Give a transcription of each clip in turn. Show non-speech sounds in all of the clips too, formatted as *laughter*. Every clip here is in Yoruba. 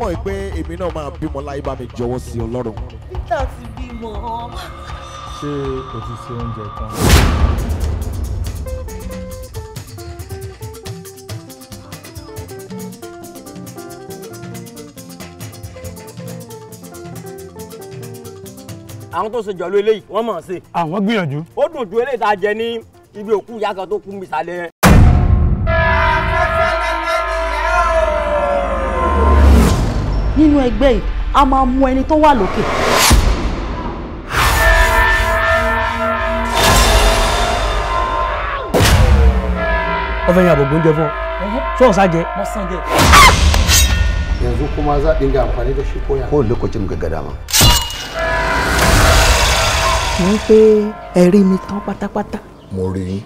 bá mọ̀ pé èmi náà máa bímọ láyé bá mi jọ̀wọ́ sí Ọlọ́run. Peter ti bímọ. ṣé o ti ṣe oúnjẹ kan. àwọn tó ṣe jọ̀lú eléyìí wọ́n mọ̀ ọ́n ṣe. àwọn ah, gbìyànjú. ó dùn ju eléyìí tá a jẹ ní ibi òkú ìyá tó kú mi sálẹ̀ nínú ẹgbẹ́ yìí a máa mú ẹni tó wà lókè. ọfẹ yẹn àbògbó ń jẹ fún ọ sọọsà jẹ. mo san jẹ. yanzu kuma za a dinga amfani da shi koya. ko lokacin ga gada ma. mo ń pe ẹ̀rí mi tán pátápátá. mo rí i.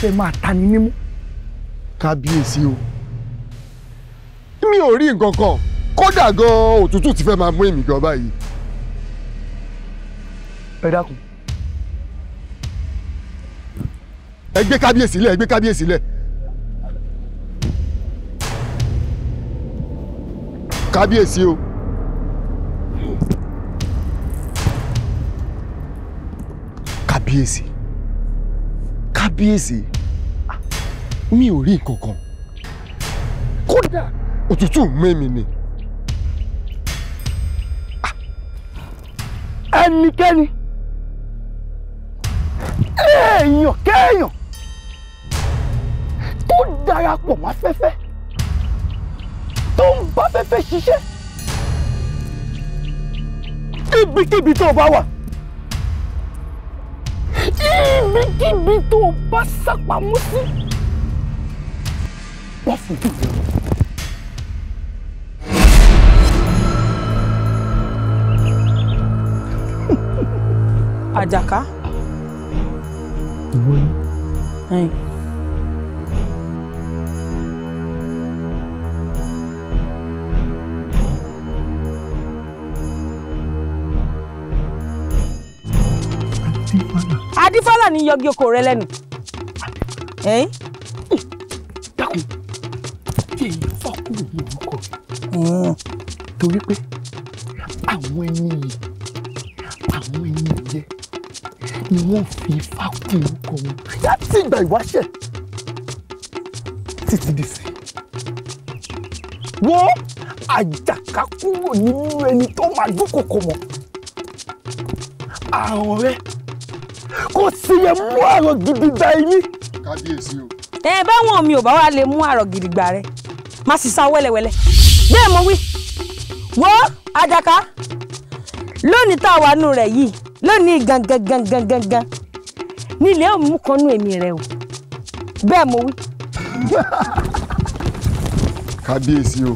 fẹ́ máa ta ni mímú. kábíyèsí o mi ò rí nǹkan kan kódà gan òtútù ti fẹ́ máa mú èmi gan báyìí. ẹ dákun. ẹ gbé kábíyèsí lẹ̀ ẹ gbé kábíyèsí lẹ̀. kábíyèsí o. kábíyèsí kábíyèsí mi ò rí nǹkan kan kódà òtútù mẹ́mi ni ẹnikẹ́ni èèyàn kéèyàn tó darapọ̀ mọ́ afẹ́fẹ́ tó ń bá afẹ́fẹ́ ṣiṣẹ́ ibikíbi tó bá wà ibikíbi tó o bá sápamọ́ sí wọ́n fojú rẹ̀ wọ́n. àjàká. ìwọ adífọ́lá ní yọgi oko rẹ lẹ́nu. dákun tí èyí fà kúrò ní orúkọ rẹ torí pé àwọn ẹni yìí àwọn ẹni yẹ ni wọ́n fi ifá kún orúkọ wọn láti ìgbà ìwáṣẹ̀ títí di sí wọ́n àjàká kúrò nínú ẹni tó máa dúnkòkò mọ́ àwọn rẹ̀ bó ti yẹ mú àrò gidi gba yín. kábíyèsí o. ẹ báwọn mi ò bá wá lè mú àrò gidi gbà rẹ má sì sá wẹ́lẹ́wẹ́lẹ́ bẹ́ẹ̀ mo wí wo adaka lónìí tá a wà nù rẹ̀ yìí lónìí gangan gangan gangan nílé ò mú kan nú èmi rẹ o bẹ́ẹ̀ mo wí. *laughs* kábíyèsí o.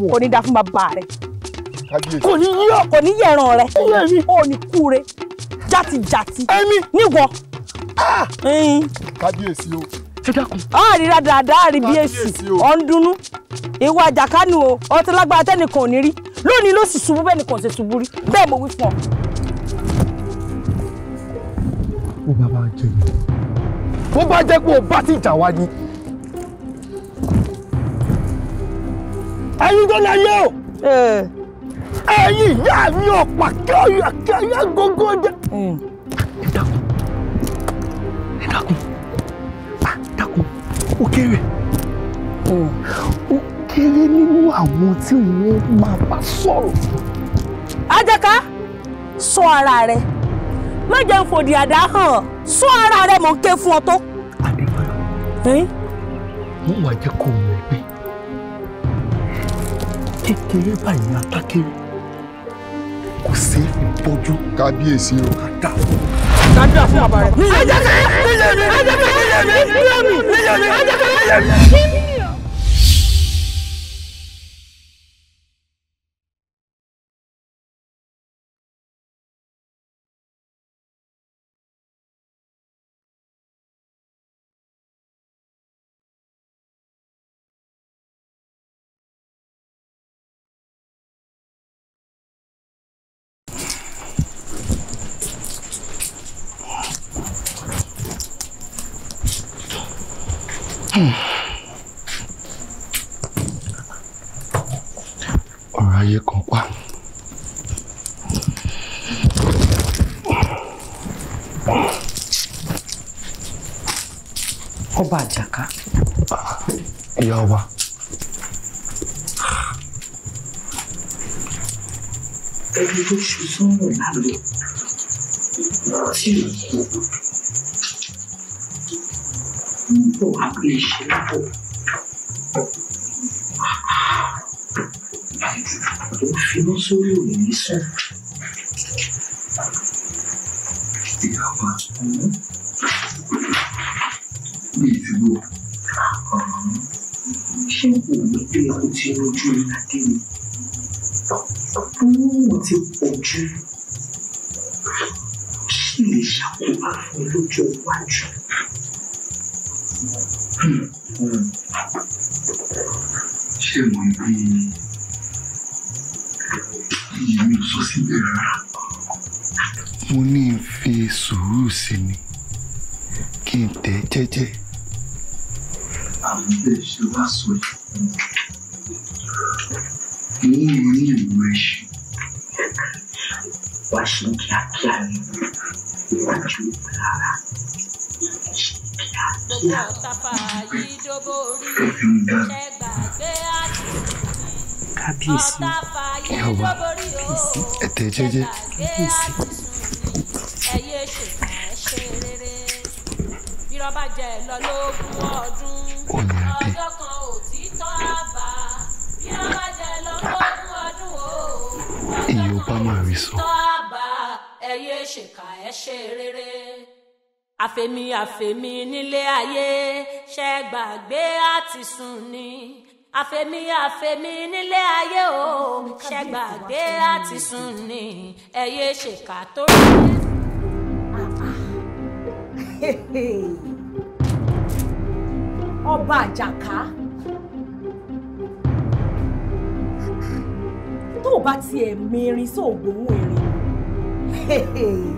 *laughs* kò ní bàbá rẹ kò ní yọ kò ní yẹran rẹ ó ní Jati, jati. níwọ. kábíyèsí o àríra dáadáa àríbí èsì ọ̀ndúnú ìwà àjàkánu o ọtí lágbára tẹnìkan ò ní rí lónìí ló sì ṣubú bẹ́ẹ̀ nìkan ṣe ṣubú rí bẹ́ẹ̀ mo wí fún ọ. ó bàbá jẹ mi bó bá jẹ́ pé o bá ti jà wá ni. ẹyin tó lọ yẹ o ẹ̀yin ìyá mi ọ̀pá kẹ́ọ̀yà kẹ́ọ̀yà gógó jẹ. Mm. ẹ dákun ẹ dákun ah, dákun ó kéré mm. ó kéré nínú àwọn tí wọ́n máa bá sọ̀rọ̀. Àjàká sọ ara rẹ má jẹ́ n fòdì àdá hàn sọ ara rẹ mò ké fún ọ tó. wọ́n wàá jẹ́ kó mọ̀ pé kékeré báyìí ni atákéré kò sí ìtọ́jú kábíyèsí o. dájú àfihàn bàrẹ̀. ajá kan nílẹ̀ mi ajá kan nílẹ̀ mi nílẹ̀ mi nílẹ̀ mi ajá kan nílẹ̀ mi. ọ̀rọ̀ ayé kan pa. ọba àjàká. ìyá ọba. ẹni tó ṣe sọ́rọ̀ lálẹ́ tí ò kú pọ̀ àbí ìṣe pọ̀. Ó finá sórí òní sùn. Ìyàwó àtúnú. Bí ìdúró. Ṣé kò ní pé o ti rojú ìlàdé mi? Owó ti pọ̀ jù. Kí lè ṣàkóbá fún lójú iwájú? été armadas de laços meninos. Eu achei que aquela te para Cabeça. É uma cabeça. É, é TGG. Cabeça. É mẹ́tàlélógún ọdún ọjọ́ àfẹ̀mí àfẹ̀mí nílé ayé ṣẹ́ gbàgbé àti sùn ni àfẹ̀mí àfẹ̀mí nílé ayé o ṣẹ́ gbàgbé àti sùn ni ẹ ṣèkà tó rí. *laughs* ọba àjàká tó o bá tiẹ̀ mìírin sóò gbóhùn erin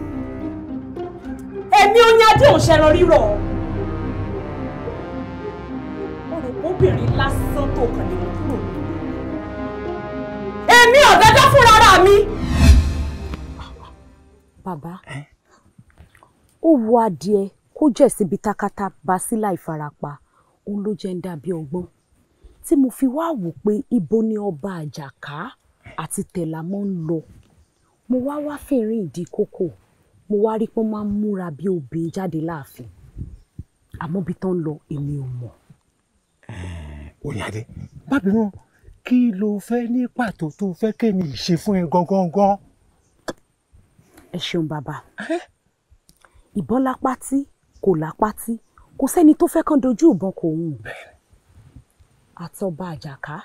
èmi oyin adé òun ṣẹran rírọ̀ olùkóbìnrin lásán tó kàn lè kúrò èmi ọ̀gájọ́ fúnra ra mi. bàbá ó wo adìẹ kó jẹ̀ síbi tákátá basílà ìfarapa òun ló jẹ́ ń dàbí ọgbọ́n tí mo fi wá wò pé ibo ni ọba àjàká àti tẹ̀lámọ́ ń lọ mo wá wá fẹ̀rín ìdí kókò mo wá rí pé wọ́n máa ń múra bí obìnrin jáde láàfin àmọ́ bí tán lọ èmi ò mọ̀. òyàdé bábí wọn kí ló fẹ́ ní pàtó tó fẹ́ kémi ìṣe fún ẹ gangan. ẹ ṣeun bàbá ìbọn lápá tí kò lápá tí kò sẹ́ni tó fẹ́ kán dojú ìbọn kò hùn àtọba àjàká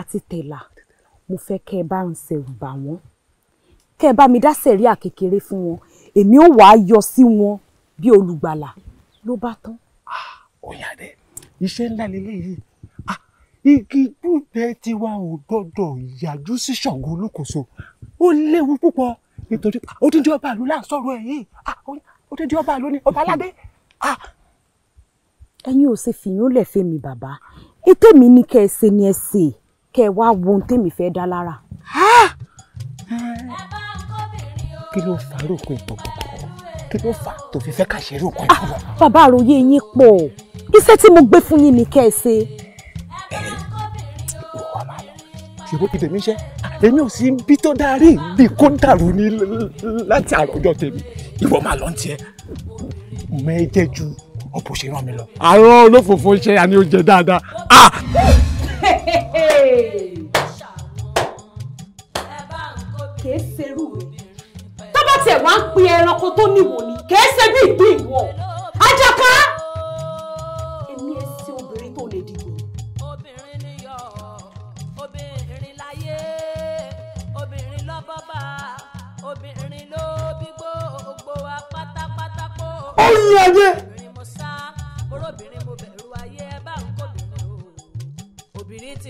àti tẹ̀là mo fẹ́ kẹ́ ẹ bá ń ṣẹ̀rù bà wọ́n kẹ́ ẹ bá mi dá sẹ̀ríà kékeré fún wọn èmi ò wá yọ sí wọn bí olùgbàlà ló bá tán. ọ̀yà ah, rẹ̀ iṣẹ́ ńlá lélẹ́yìí ah, igi gbígbẹ tiwa ò gbọ́dọ̀ yàjú sí Ṣàngó Olúkòso ó léwu púpọ̀ nítorí odidi ọba àlọ́ là ń sọ̀rọ̀ ẹ̀ yìí ah, odidi ọba àlọ́ ọba aládé ẹ̀yin ò ṣe fìyàn lẹ̀ fẹ́mi bàbá ètèmi ní kẹ́ ẹ ṣe ni ẹ ṣe kẹ́ ẹ wá wo ohun tèmi fẹ́ dá lára. kí ló fà á rògbò ìgbọ̀gbọ̀gbọ̀ kí ló fà á tó fi fẹ́ kàṣẹ́ rògbò ah, ìgbọ̀gbọ̀. bàbá àròyé yín pọ̀ iṣẹ́ tí mo gbé fún yín ni kẹ́ ẹ ṣe. ẹ ẹ wà máa lọ ṣùgbọ́n kí tèmi ṣe èmi ò sí bí tó darí bí kó dàrú ní láti àròjọ tèmi ìwọ máa lọ ń tiẹ̀ mẹ́jẹ̀ ọ̀pọ̀ ṣe rán mi lọ. àrùn olófòfò ṣe àní oúnjẹ dáadáa. Ah! tó bá tẹ̀ wá ń pe ẹranko tó níwò ni kèé ṣe bí ìgbín ìwọ Àjàká. èmi ẹ ṣe obìnrin tó lè dìbò. obìnrin ni yọ obìnrin láyé obìnrin lọ bọ́bà obìnrin ló bí gbogbo wa pátápátá kó. ó yẹ ayé.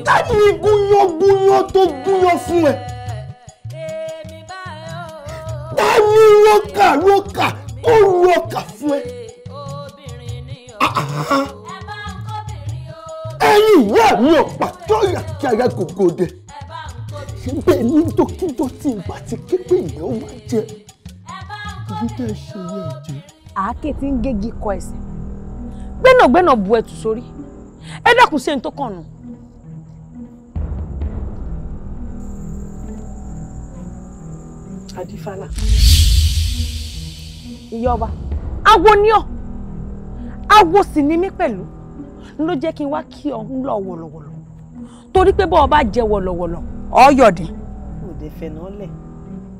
tani gúnyángúnyán tó gúnyán fún ẹ tani rọkà rọkà tó rọkà fún ẹ ẹ̀yin ìyá mi ò pàtó yàkíyàrá gògó dẹ bẹ́ẹ̀ ni dókítà tí ìgbà tí képe ìyẹn ó máa jẹ ibi tẹ́ ẹ ṣe yẹ ẹ̀jẹ̀. àáké tí ń gégi kọ ẹsẹ̀ gbẹ́nàgbẹ́nà bu ẹ̀tù sórí ẹ dákun ṣe ń tó kàn nù. adífálà. ìyá ọba awo ni ọ awo sì ni mí pẹ̀lú ló jẹ́ kí n wá kí ọ ń lọ wọ̀lọ̀wọ̀lọ̀ torí pé bọ́ọ̀ bá jẹ wọ̀lọ̀wọ̀lọ̀ ọ̀yọ̀dín. òde fẹ̀nọ́lẹ̀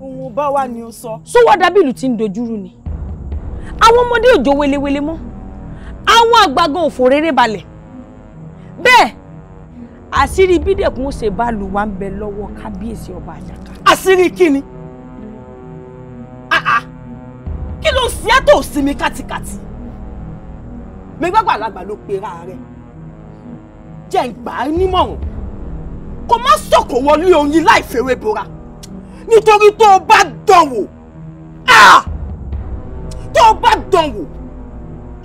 òun bá wà ní o sọ. sówọ́dà bílù ti ń dojúrú ni àwọn ọmọdé òjò welewele mọ́ àwọn àgbàgàn òfò rere balẹ̀ bẹ́ẹ̀ àṣírí bídẹ̀kùn ó ṣe bá lù wá ń bẹ lọ́wọ́ kábíyèsí ọba àjàká. àṣírí kí ni. ò sinmi kátikàti mi gbàgbàlagbà ló pera rẹ jẹ́ ń gbà á nímọ̀ràn kó má sọ̀kò wọlé oyin láì fèrè bora nítorí tó o bá dán wò tó o bá dán wò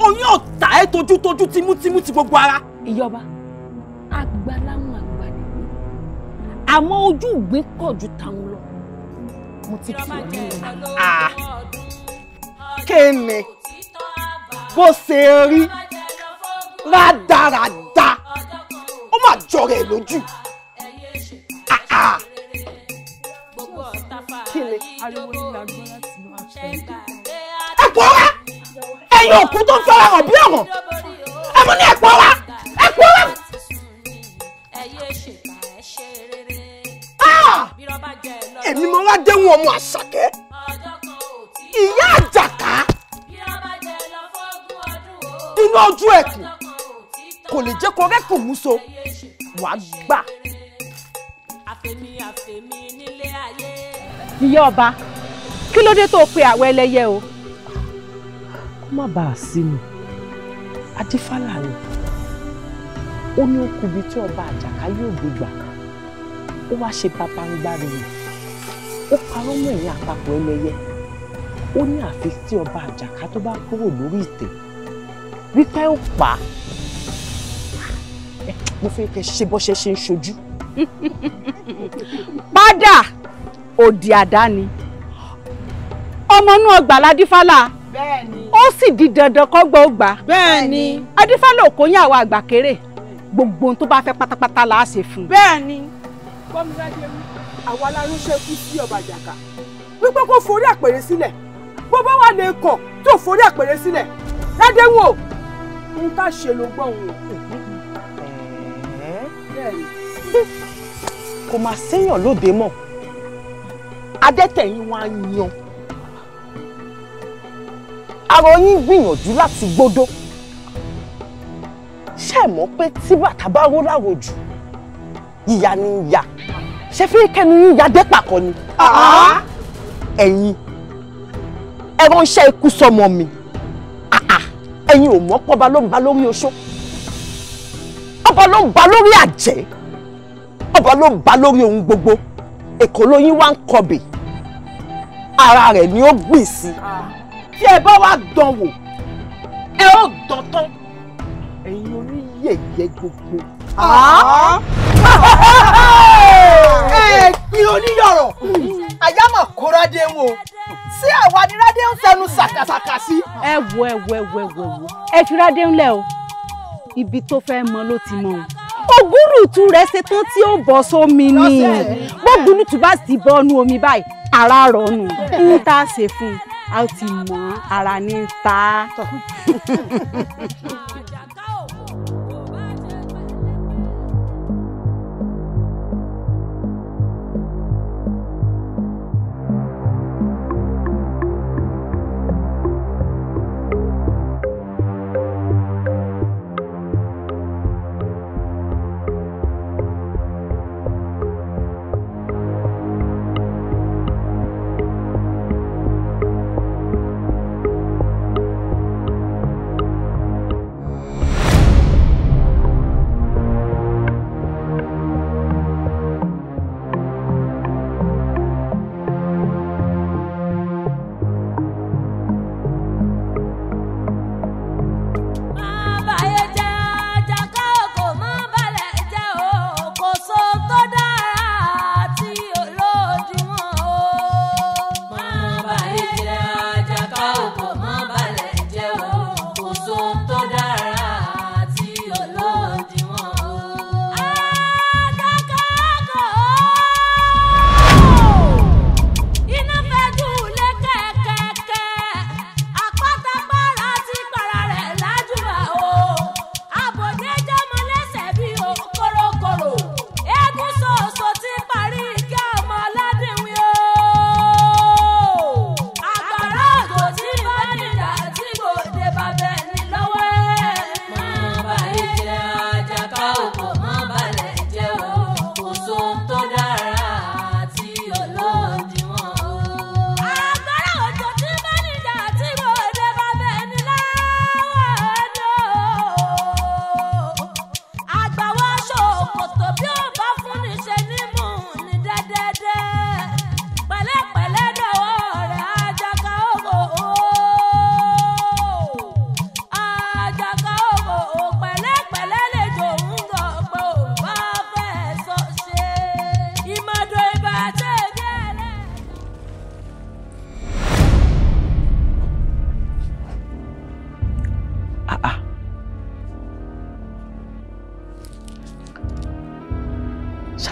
oyin ọ̀tá ẹ tojútojú tìmútìmú ti gbogbo ara. ìyọba àgbà láwọn àgbà nìyí àmọ́ ojú ìgbín kọ̀ ju tàwọn lọ mo ti kí ọ ní ìlànà kéènì bó ṣe rí rádaràda ó mà jọra ẹ lójú. kí ni ariwo ní agbára tìǹbù àṣẹ. ẹ pọ́ra ẹ̀yin òkú tó ń fẹ́ra hàn bí ọ̀ràn ẹ mú ní ẹ pọ́ra ẹ pọ́ra. èmi mo wá déhùn ọmọ àṣàkẹ́ ìyá àjàká inú ojú ẹkùn kò lè jẹ́ kó rẹ́kùn mú so wàá gbà. ìyá ọba kí ló dé tó o pe àwọ̀ ẹlẹ́yẹ o. kó má bàa sínú adífálà ni ó ní ó tí ọba àjàká yóò gbégbà ó wá ṣe bàbá ń gbárí rẹ̀ ó parọ́ mọ́ ẹ̀yìn àpapọ̀ ẹlẹ́yẹ ó ní àfi tí ọba àjàká tó bá kúrò lórí ìtẹ́ wípé ó pa á mo fẹ́ kẹ́ ṣe bọ́ṣẹ́ ṣe ń ṣojú. *laughs* padà òdì àdáni ọmọ inú ọgbà ládífálà ó sì di dandan kọ́gbọ́n ọgbà adífálà ò kóyún àwọn àgbà kéré gbogbo ohun tó bá fẹ́ pátápátá là á ṣe fún un. bẹ́ẹ̀ni gbọmọdé àwa aláránṣẹ́ kú sí ọba àjàká wípé kó forí àpèrè sílẹ̀ bó bá wà lè kàn tó forí àpèrè sílẹ̀ ládéhùn o n ká ṣe ló gbọ́ òun o. kò máa séèyàn lóde mọ́ adẹ́tẹ̀yìn wa yan àrò yín gbìyànjú láti gbódó ṣe mọ̀ pé tí bàtà bá ró láwòjù ìyá ni ìyá ṣe fi kẹnu yín ya dé pàkọ́ ni ah! ẹ̀yin. Ah! ẹ ránṣẹ́ ikú sọmọ mi ẹ̀yin ò mọ̀ pé ọba ló ń ba lórí oṣó ọba ló ń ba lórí àjẹ́ ọba ló ń ba lórí ohun gbogbo èkó lóyún wá ń kọbè ara rẹ̀ ni ó gbìn sí. tí ẹ bá wá dán wò ẹ ó dán tán ẹ̀yin oníyẹ̀yẹ́ gbogbo. ẹ̀ẹ́dín oníyọ̀rọ̀ hmm. àyàmọ̀ kóra dé wọn tí àwa ni rádé ń fẹnu ṣàkàṣàkà sí. ẹ wo ẹ wo ẹ wo ẹ wo ẹ wo ẹ fi rádé ńlẹ̀ o ibi tó fẹ́ mọ ló ti mọ o ògúrùtù rẹ ṣetán tí ó bọ́ sómi ni gbógúrùtù bá sì bọ́nu omi báyìí ara rọ̀ ń *laughs* tá ṣe fún un a ti mọ̀ ara ní ta. *laughs*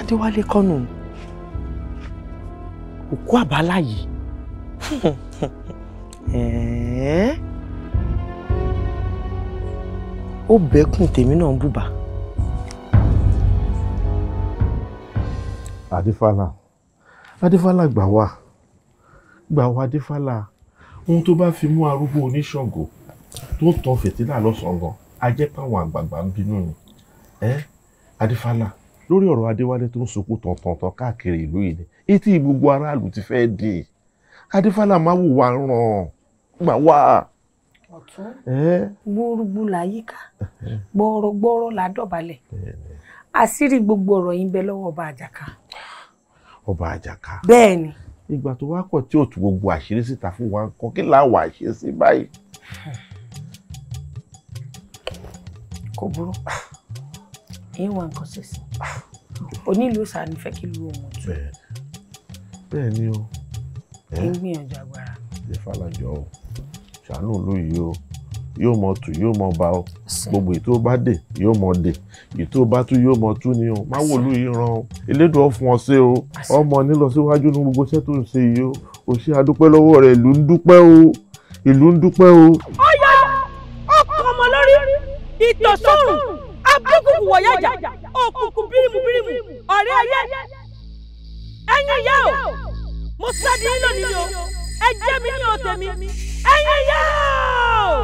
Adéwálé kọ́nù òkú àbálá yìí *laughs* ó bẹ́kùn tèmi náà ń bùbà. Adéfálà Adéfálà gbà wá gbà wá Adéfálà ohun tó bá fi mú arúgbó oníṣọ̀gò tó tàn fìtílà lọ́sàn-án gan ajẹ́pàwọn àgbààgbà ń bínú ni Adéfálà. Eh? lórí ọ̀rọ̀ adéwálé tó ń sunkún tọ̀ntọ̀ntọ̀ káàkiri ìlú yìí ni etí gbogbo aráàlú ti fẹ́ di adéfálà má wù wá ràn gbà wá. ọ̀tún gbúrúgbú làyíká gbọ́rọ̀gbọ́rọ̀ ládọ̀balẹ̀ àṣírí gbogbo ọ̀rọ̀ yìí ń bẹ lọ́wọ́ ọba àjàká. ọba àjàká. bẹ́ẹ̀ ni. ìgbà tó wá kọ̀ tí ò tú gbogbo àṣírí síta fún wa nǹkan kí làwọn àṣírí sí báyìí. kò burú ìyẹn nǹkan ṣe sí onílù sànífẹ́ kí lu òun tù. bẹ́ẹ̀ ni o. kí n gbìyànjú agbára. ìyẹn falajọ o ṣàánú olóyè o yóò mọ tù yóò mọ bá o gbogbo ètò bá dè yóò mọ dè ètò bá tú yóò mọ tú ni o má wò olóyè ràn o elédùn ọ̀fun ọ̀sẹ̀ o ọmọ nílọ síwájú ní gbogbo iṣẹ́ tó ń ṣe yìí o o ṣe adúpẹ́ lọ́wọ́ rẹ̀ ìlú ń dúpẹ́ o ìlú ń dúpẹ́ o. ó yá ọkọ̀ ọmọ lórí ìtọ̀sọ́rùn abúkùkù wọ̀yá ìjà òkùnkùn bírímù bírímù ọ̀rẹ́ ayé ẹ̀yin ìyá o mo sáde yín lónìí o ẹ jẹ́ mi ní ọ̀tẹ̀ mi ẹ̀yin ìyá o.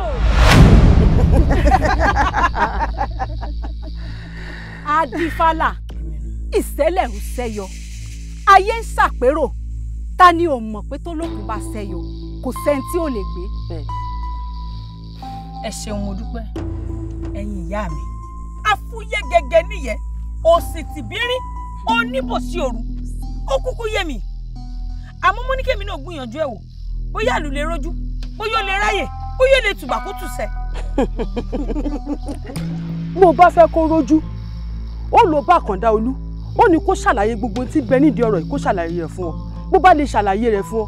*laughs* adifala ìṣẹ̀lẹ̀ ń ṣẹ̀yọ ayé ń ṣàpérò ta ni ò mọ̀ pé tólókùn bá ṣẹ̀yọ kò sẹ́ni tí ò lè gbé. ẹ ṣeun mo dúpẹ́ ẹ̀yin ìyá mi afúyẹ́ gẹ́gẹ́ nìyẹn òsì tìbírín oníbòsí òru ó kúkú yé mi àmọ́ mo náà gbìyànjú ẹ̀ wò bóyá àlù lè rojú bóyá ó lè ráyè bóyá ó lè tùbàkútù sẹ. *laughs* mo bá fẹ́ kó rojú ó lọ bá olú ó ní kó ṣàlàyé gbogbo tí bẹ nídìí ọ̀rọ̀ yìí kó ṣàlàyé rẹ̀ fún ọ bó bá lè ṣàlàyé rẹ̀ fún ọ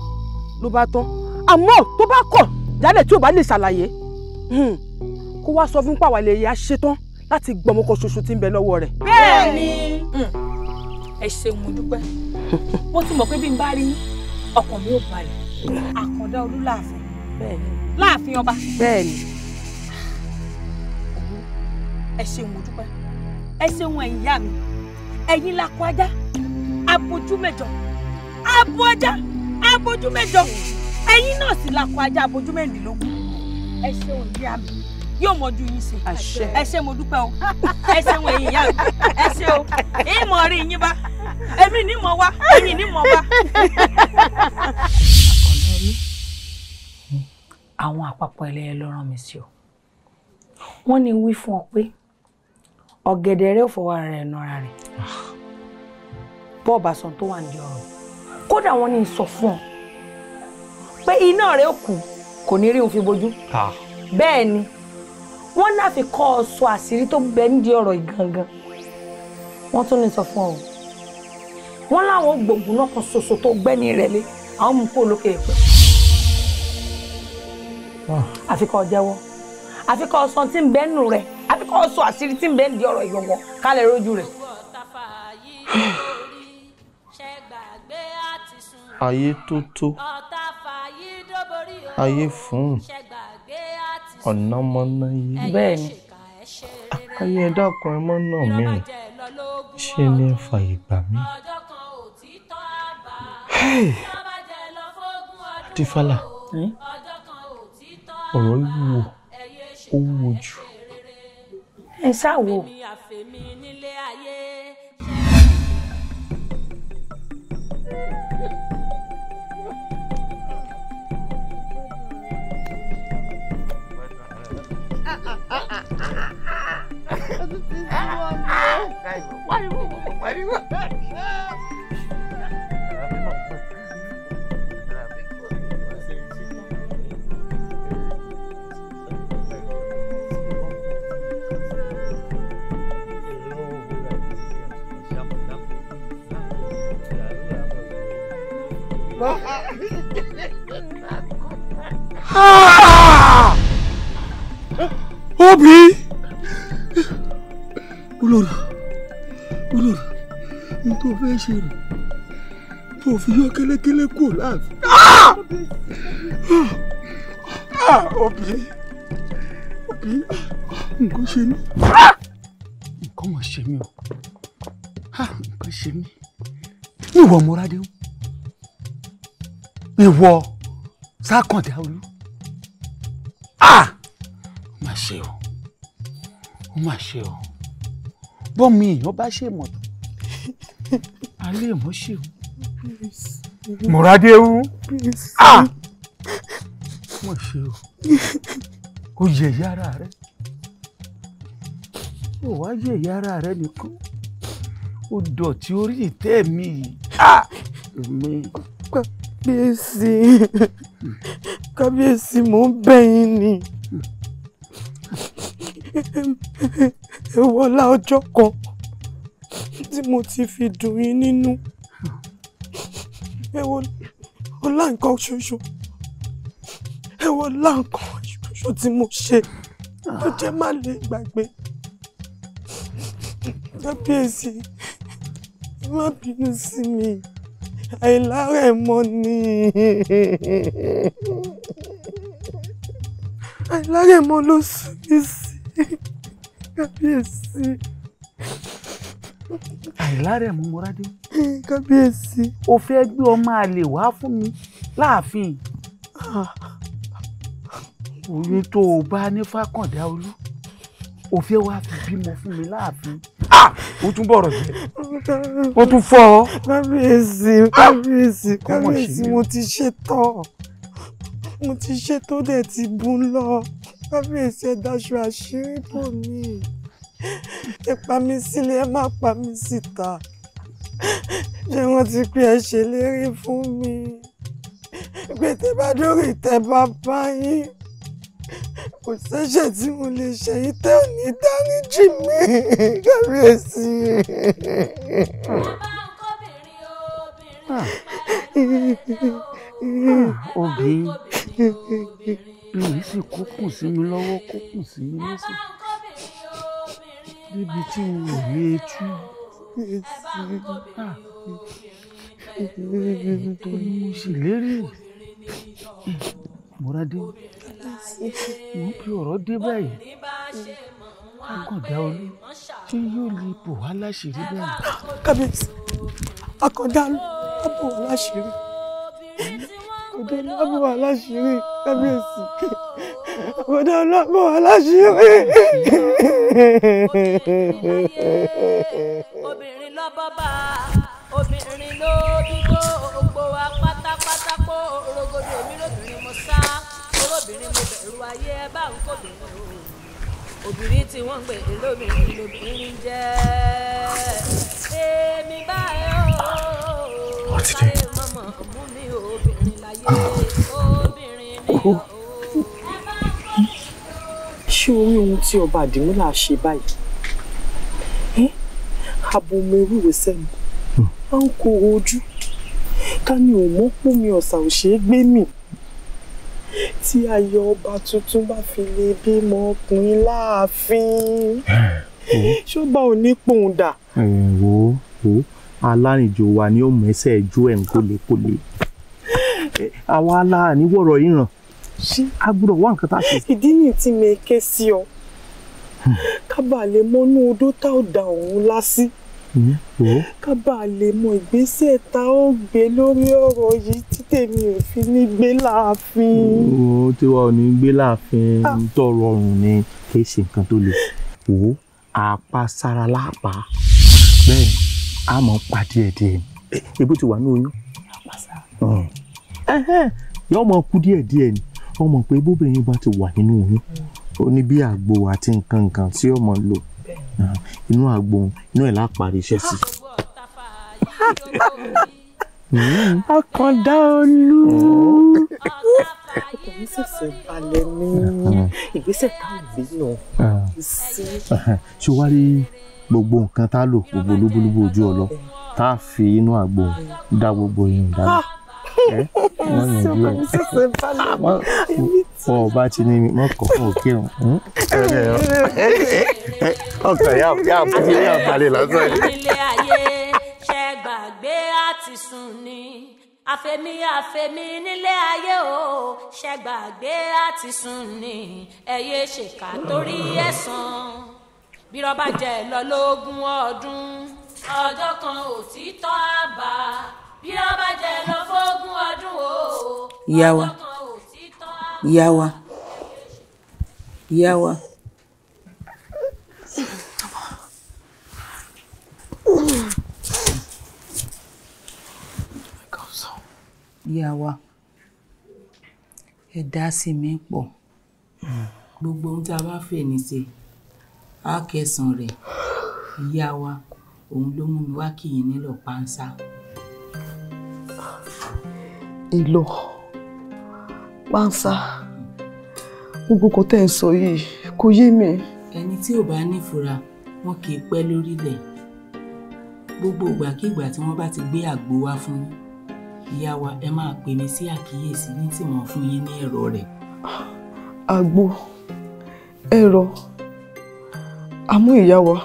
ló bá tán àmọ́ tó bá kọ̀ jálẹ̀ tí ò bá lè ṣàlàyé hmm, kó wá sọ fún pàwálẹ̀ yìí ṣetán láti gbọmọ kan ṣoṣo tí ń bẹ lọ́wọ́ rẹ̀. bẹ́ẹ̀ni mm. ẹ ṣeun mo dúpẹ́ wọ́n ti mọ̀ pé bí n bá rí ọkàn mi ò balẹ̀ àkàndá olú láàfin láàfin ọba. bẹ́ẹ̀ni. ẹ ṣeun mo dúpẹ́ ẹ ṣeun ẹ̀yin ìyá mi ẹ̀yin lakọ ajá abojú mẹ́jọ abo ajá abojú mẹ́jọ ẹ̀yin náà sì lakọ ajá abojú mẹ́rìndínlógún ẹ ṣeun ìyá mi yóò mọ ju yín sí. àṣẹ mo dúpẹ́ o ẹ ṣé wọn èyí yá ẹ ṣé o ìmọ̀ rí yín bá èmi ní mọ̀ wá ẹ̀yìn ní mọ̀ wá. àwọn àpapọ̀ ẹlẹ́yẹ ló rán mi sí o wọ́n ní wí fún ọ pé ọ̀gẹ̀dẹ̀ rẹ̀ ò fọwọ́ ara rẹ̀ nọra rẹ̀ bọ́ọ̀bà sàn tó wà ní ọ̀rọ̀ kódà wọ́n ní sọ fún ọ pé iná rẹ̀ kù kò ní rí òun fi bojú bẹ́ẹ̀ ni wọ́n náà fi kọ́ ọ sọ àṣírí tó gbẹ nídìí ọ̀rọ̀ ìgangan wọ́n tún ní sọ fún ọ wọ́n láwọn gbòǹgbò náà kan ṣoṣo tó gbẹ́ni rẹ̀ lé àwọn mú kó lókè èèpẹ̀ àfikọ́ ah. jẹ́wọ́ àfikọ́ sọ tí ń bẹ́nu rẹ̀ àfikọ́ sọ àṣírí tí ń bẹ́ nídìí ọ̀rọ̀ ìgbọ̀ngàn kálẹ̀ rójú rẹ̀. *sighs* ayé tó tó ayé fún un ọ̀nà mọ́nà yìí. bẹ́ẹ̀ni. ayé ẹ̀dá ọkùnrin mọ́nà mi ṣe ni ẹ fàyè gbà mí. àtifálà hmm? ọ̀rọ̀ yìí wò ó wò jù. ẹ ṣáà wò. Eu não sei se eu Ah! Obi! Olórí, olórí, n tó fẹ́ ṣe rè tó fi yọ kẹ́lẹ́kẹ́lẹ́ kúrò láàfin. Obi, Obi, nǹkan ṣe mí. Nǹkan wọ̀ ṣe mí o, nǹkan ṣe mí. Ìwọ Mọ́rádé o, ìwọ Sákàndá Olú. Ah! má ṣe o ó má ṣe o bọ́mi èèyàn bá ṣe mọ̀ alẹ́ mọ̀ ṣe o. Mùràdéwu a má ṣe o ó yẹ yàrá rẹ ó wá yẹ yàrá rẹ nìkan ó dọ̀tí orí ìtẹ́ mi yìí kábíyèsí kábíyèsí mò ń bẹ̀ ni wọlá ọjọ́ kan tí mo ti fi dùn yín nínú ẹ wọ nǹkan ṣoṣo ẹ wọ nǹkan ṣoṣo tí mo ṣe tó jẹ́ má lè gbàgbé kábíyèsí ẹ má bínú sí mi àìlárẹ̀ mọ́ ni àìlárẹ̀mọ́ ló sùn mí sí kábíyèsí. àìlárẹ̀mú mọ́rádé. kábíyèsí. o fẹ́ gbé ọmọ àlè wá fún mi láàfin. oyún tó o bá ní fákàndá olú o fẹ́ wá fi bímọ fún mi láàfin. o tún bọ̀rọ̀ jẹ o tún fọ́ ọ. kábíyèsí kábíyèsí kábíyèsí mo ti ṣe tán mo ti ṣe tó dẹ̀ ti bú lọ kábíyèsí ẹ àṣírí bò mí ẹ pa mí sílé ẹ má pa mí síta ṣé wọ́n ti pé ẹ ṣèlérí fún mi pé bá dórí tẹ bá bá yín kò sẹ́ṣẹ̀ tí mo lè ṣe yìí tẹ́ ò ní dáríjì mi kábíyèsí. obìnrin lòun sì kó kùn sí mi lọ́wọ́ kó kùn sí mi lẹ́sẹ̀ débi tí n ò ní etí tó ah, ní mo sì lérí múradé mo fi ọ̀rọ̀ dé báyìí akọ̀dá olú tí yóò lè bò wá láṣìírí báyìí. kábíyèsí akọ̀dá olú á bò wá láṣìírí ọ̀dọ̀ ọlọ́mọ wà láṣìírí kábíyèsí ọ̀dọ̀ ọlọ́mọ wà láṣìírí. obìnrin lọ bọ́bà obìnrin ló dúró òpó wa pátápátá kó orogodo mi lóbìnrin mo sá olóbìnrin mo bẹ̀rù ayé ẹ bá ń kóbìnrin o obìnrin tí wọ́n ń lóbìnrin lóbìnrin jẹ́ èmi báyọ̀ ó sáré mọ́mọ́ mú mi ṣé o rí ohun tí ọba àdìmúlà ṣe báyìí abomi ewúro sẹ́nu à ń kóró ojú ká ní òmópó mi ọ̀sà ò ṣeé gbé mì tí ayọ̀ ọba tuntun bá fi lè bímọ ọkùnrin láàfin ṣọba ò ní pòun dà. ẹ wo wo alárìnjó wa ni ó mọ ẹsẹ̀ ẹjọ́ ẹ̀ ń kólékólé àwa aláàní wọ̀rọ̀ yìí ràn a gbúdọ̀ wá nǹkan tá a ṣe. ìdí nìyí tí mi ké sí ọ kábà lè mọnú odó tá ò da òun lásì hmm, kábà lè mọ ìgbésẹ̀ tá ó gbé lórí ọ̀rọ̀ yìí tí tèmi ò fi ní gbé láàfin. o tí wàá ní gbé láàfin ah. tọrọ ọrùn ni kì í ṣe nǹkan tó le wò ó àpasára lápá bẹ́ẹ̀ a mọ̀ pa díẹ̀díẹ̀ eh, ebi ti wà ní oyún. àpasára yọ ọmọ kú díẹ̀ díẹ̀ ni ọmọ pé bóbìnrin bá ti wà nínú oyún ó ní bí àgbo àti nǹkan nǹkan tí ọmọ lò inú àgbo inú ẹ̀ lápàdé iṣẹ́ sí. *laughs* akọ̀dá olú. ọkọ̀ mi ṣẹ̀ṣẹ̀ balẹ̀ ní ìgbésẹ̀ táwọn gbé náà sí. ṣé wàá rí gbogbo nǹkan tá a lò gbogbo lóbólóbó ojú ọ lọ tá a fi inú àgbo dá gbogbo yìí dá lọ wọn ah, ò bá ti ní mi wọn kọ fún òkè ọhún. ọkọ yà á fún mi yà á balẹ̀ lásán. ilé ayé ṣe gbàgbé àti sùn ni àfẹ̀mí àfẹ̀mí nílé ayé o ṣe gbàgbé àti sùn ni ẹ yé ṣèkà torí ẹ̀san bírọ̀ bá jẹ́ lọ lógún ọdún ọjọ́ kan òtítọ́ àbá. Yawa. Yawa. Yawa. Yawa. ìyá wa. ìyá wa ẹ dá sí mi pọ̀ gbogbo ohun tí a bá fẹ́ ní ṣe á kẹsàn-án rẹ̀ òun ló mú mi wá kì í nílò páńsá ìlò pánsá gbogbo kan tẹ́ ẹ̀ sọ yìí kò yé mi. ẹni tí ò bá nífura wọn kì í pẹ́ lórílẹ̀ gbogbo ìgbàkigbà tí wọ́n bá ti gbé àgbo wá fún yín ìyá wa ẹ máa pè mí sí àkíyèsí ní tí fún yín ní ẹ̀rọ rẹ̀. àgbo ẹ̀rọ àmọ́ ìyá wa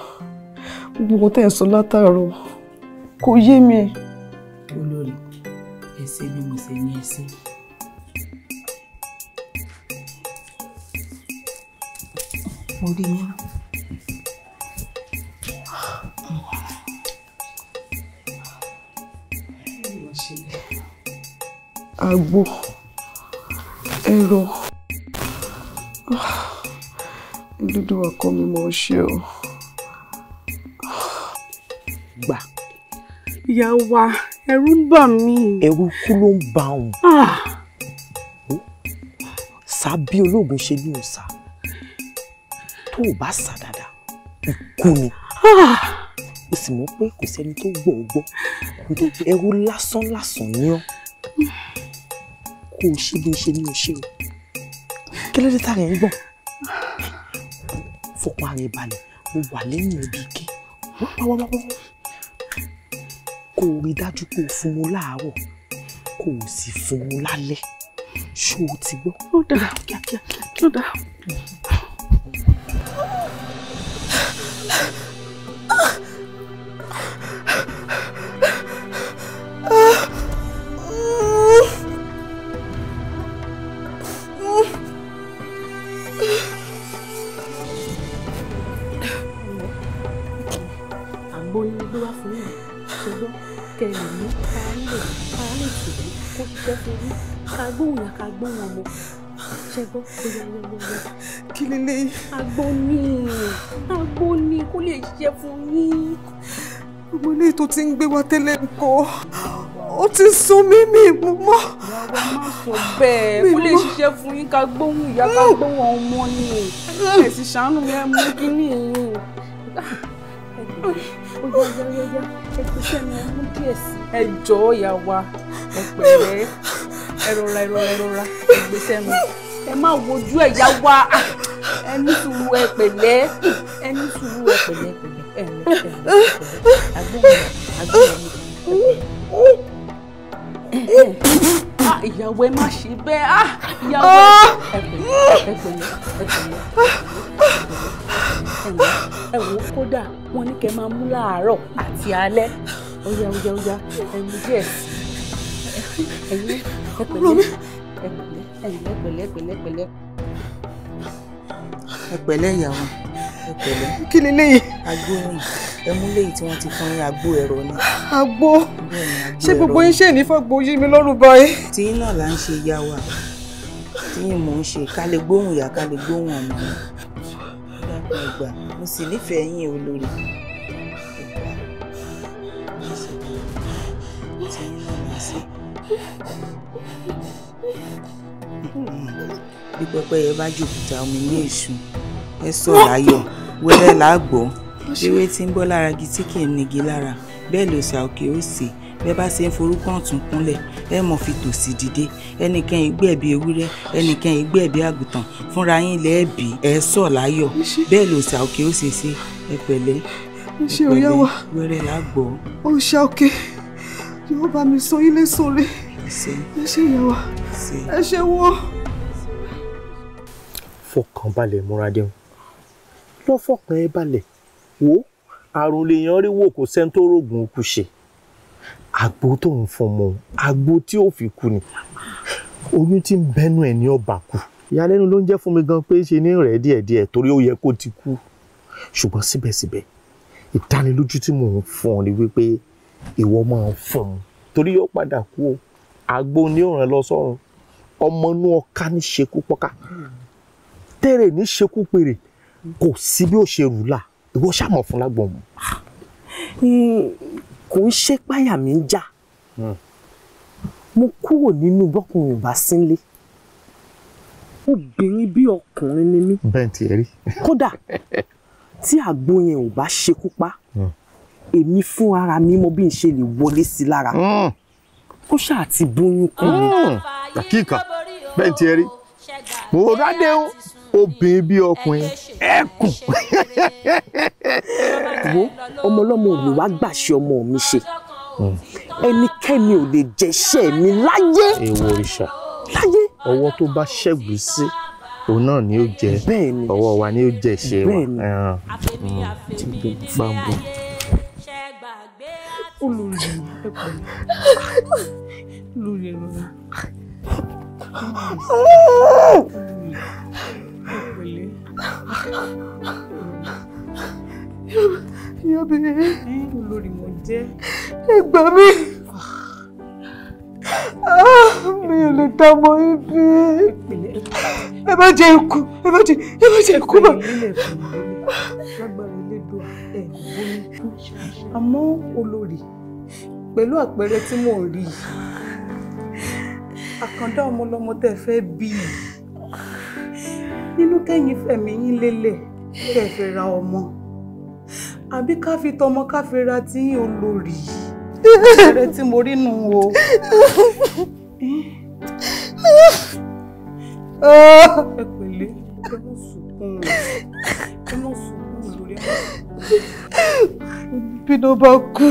gbogbo kan tẹ́ ẹ̀ sọ látàárọ̀ kò yé mi. olórí ẹ ṣe bí mo ṣe ní ẹ ṣe. mo mi mo ṣe o. gbà ìyá wa ẹ̀rù ń bà mí. ẹ̀rù kú ló ń bà òun. Ah. sá bí olóògùn ṣe ní òòsà tó o bá sá dáadáa ikú ni ah. o sì mọ̀ pé kò sẹ́ni tó gbọ́ ọ gbọ́ ẹ̀rù lásán lásán ni ọ́ kó o ṣe bí o ṣe ní o ṣe o kí ló dé tá rẹ̀ ń gbọ̀n fọkàn ara ẹ̀ mo wà lẹ́yìn ẹbí ike kó o rí dájú kó o fún wọn láàárọ̀ kó o sì fún wọn lálẹ́ ṣó o ti gbọ́. ó dára ó dára. kó ṣiṣẹ́ fún yín ká gbóhùn yà ká gbóhùn ọmọ ṣẹgbọ́ gbogbogbogbogbò. kí leléyìí. agbo ni agbo ni kó lè ṣiṣẹ́ fún yín. gbogbo ilé tó ti ń gbé wa tẹ́lẹ̀ ń kọ́ ó ti sún mí mi mú mọ́. ìyàwó má sọ bẹ́ẹ̀ kó lè ṣiṣẹ́ fún yín ká gbóhùn ìyá ká gbóhùn ọmọ ni ẹ sì ṣàánú mi ẹ mú kí ni ìyún ó yá yá yá yá ẹ fi sẹ́nu ọmú díẹ̀ ìyá wa ẹ pẹ̀lẹ́ ẹ rọra ẹ rọra ẹ má wojú ẹ yá wa ẹ sùúrù ẹ pẹ̀lẹ́ sùúrù ẹ pẹ̀lẹ́ pẹ̀lẹ́ ẹ rẹ Ah, ìyàwó ẹ má ṣe bẹ́ẹ̀ ah, ìyàwó ẹ ẹgbẹ̀lẹ́ ah. ẹgbẹ̀lẹ́ ẹ wò ó kódà wọn ní kẹ́ máa mú láàárọ̀ àti alẹ́ ọ̀yà ọ̀yà ọ̀yà ẹ̀mí díẹ̀ ẹ̀yìn ẹgbẹ̀lẹ́ ẹgbẹ̀lẹ́ ẹgbẹ̀lẹ́ ẹgbẹ̀lẹ́ ẹgbẹ̀lẹ́ ìyàwó ẹ pẹ̀lẹ́. kí ni léyìí. àgbo ni ẹmú léyìí tí wọ́n ti fún yín àgbo ẹ̀rọ ni. àgbo ṣé gbogbo yín ṣe ní fọ́gbó yí mi lọ́rùn báyìí. tìyín náà là ń ṣe ìyá wa tìyín mò ń ṣe ká lè gbóhùn ìyá ká lè gbóhùn ọmọ mi. dákun ẹgbà mo sì nífẹ̀ẹ́ yín olórí. tìyín náà là ń ṣe bí pẹpẹ yẹn bá jòkúta omi ní èṣù ẹ sọ láyọ̀ wẹ́rẹ́ là *laughs* á gbọ́ ewé tí ń bọ́ lára igi tí kì í nigi lára bẹ́ẹ̀ lè ṣà òkè ó sì bẹ́ẹ̀ bá ṣe ń forúkọ ọ̀tún kúnlẹ̀ ẹ mọ̀ fi tòsì dìde ẹnìkan ìgbẹ́ẹ̀bí ewúrẹ́ ẹnìkan ìgbẹ́ẹ̀bí àgùntàn fúnra yín lẹ́ẹ̀bí ẹ sọ̀ láyọ̀ bẹ́ẹ̀ lè ṣà òkè ó sì ṣe ẹ pẹ̀lẹ́ ṣe ò yá wa wẹrẹ la gbọ́. ó ṣe òkè yóò bá mi sọ ilé sóore ẹ ṣe yá wa ẹ ṣe wọ. fọkànbalẹ̀ múra lọ fọkàn ẹ balẹ̀ wò ó àrùn lèèyàn rí wò kò sẹ́ni tó rògùn òkú ṣe àgbo tó ń fọmọ àgbo tí ò fi kú ni oyún tí ń bẹnu ẹ̀ ní ọba kú ìyàlẹ́nu ló ń jẹ́ fún mi gan pé ṣe ní rẹ̀ díẹ̀díẹ̀ torí ó yẹ kó ti kú ṣùgbọ́n síbẹ̀síbẹ̀ ìdánilójú tí mò ń fún ọ ni wípé ìwọ máa ń fún un torí yóò padà kú o àgbo ni ó ràn lọ sọ́run ọmọ inú ní ṣekú pọ́ká tèrè ní ṣekú pèrè kò sí bí ó ṣe rù là ìwọ ṣàmọ̀ fún lágbọ̀n mu. kò ń ṣe páyà mi ń jà hmm. mo kúrò nínú bọ́kùnrin ìbá sínlé obìnrin bí ọkùnrin ni mí. bẹ́ẹ̀ ti rí. kódà tí àgbo yẹn ò bá ṣekú pa hmm. èmi fún ara mi mo bí n ṣe lè wọlé sí lára hmm. ó ṣáà ti bóyún kú mi. dàkíkà bẹ́ẹ̀ ti mo rádé o obìnrin bí ọkùnrin ẹkùn wo ọmọ ọlọ́mọ ò lè wá gbàṣẹ ọmọ mi ṣe ẹnikẹ́ni ò lè jẹ́ṣẹ́ mi láyé. èèwọ̀ òrìṣà láyé. ọwọ́ tó bá ṣẹ́gun sí òun náà ni ó jẹ ọwọ́ wa ni ó jẹ ṣe wa. báwo. olùrè ẹ pẹ̀lú olùrè rọra. *laughs* Really? Ìyá bẹ̀rẹ̀. Ẹyin olórí mo jẹ́. Ẹ gbà mí. Ah, mi ò lè dá ọmọ yín bí. Ẹ má jẹ ikú. Ẹ má jẹ ẹ má jẹ ikú bá. Lágbára elédò ẹ̀ ló ní. Àmọ́ olórí pẹ̀lú nínú kẹ́yìn fẹ̀mí yín lélẹ̀ kẹ́ fi ra ọmọ àbí ká fi tọmọ ká fi ra tí olórí ẹrẹ tí mo rí nù o. ẹ pẹ̀lẹ́ ẹ mọ̀ sunkún ẹ mọ̀ sunkún lórí ẹ. bí ló bá kú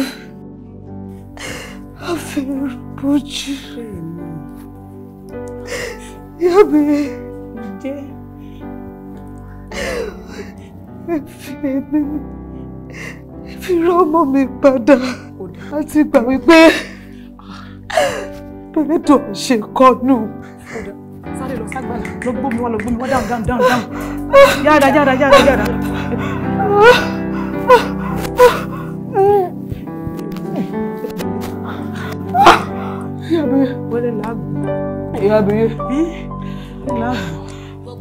a fi rúbọ jí. ìyá jẹ́ fèmí fi rọ́mọ mi padà láti gbà wípé bẹ́ẹ̀ tó ń ṣe kọ́nù. sáré lọ ságbàlá lọ gbómi wá lọ gbómi wá dáhùn dáhùn dáhùn dáhùn yára yára yára yára. Yabe. Wẹ́lẹ̀ làágùn. Yabe. Bí? Làágùn olórí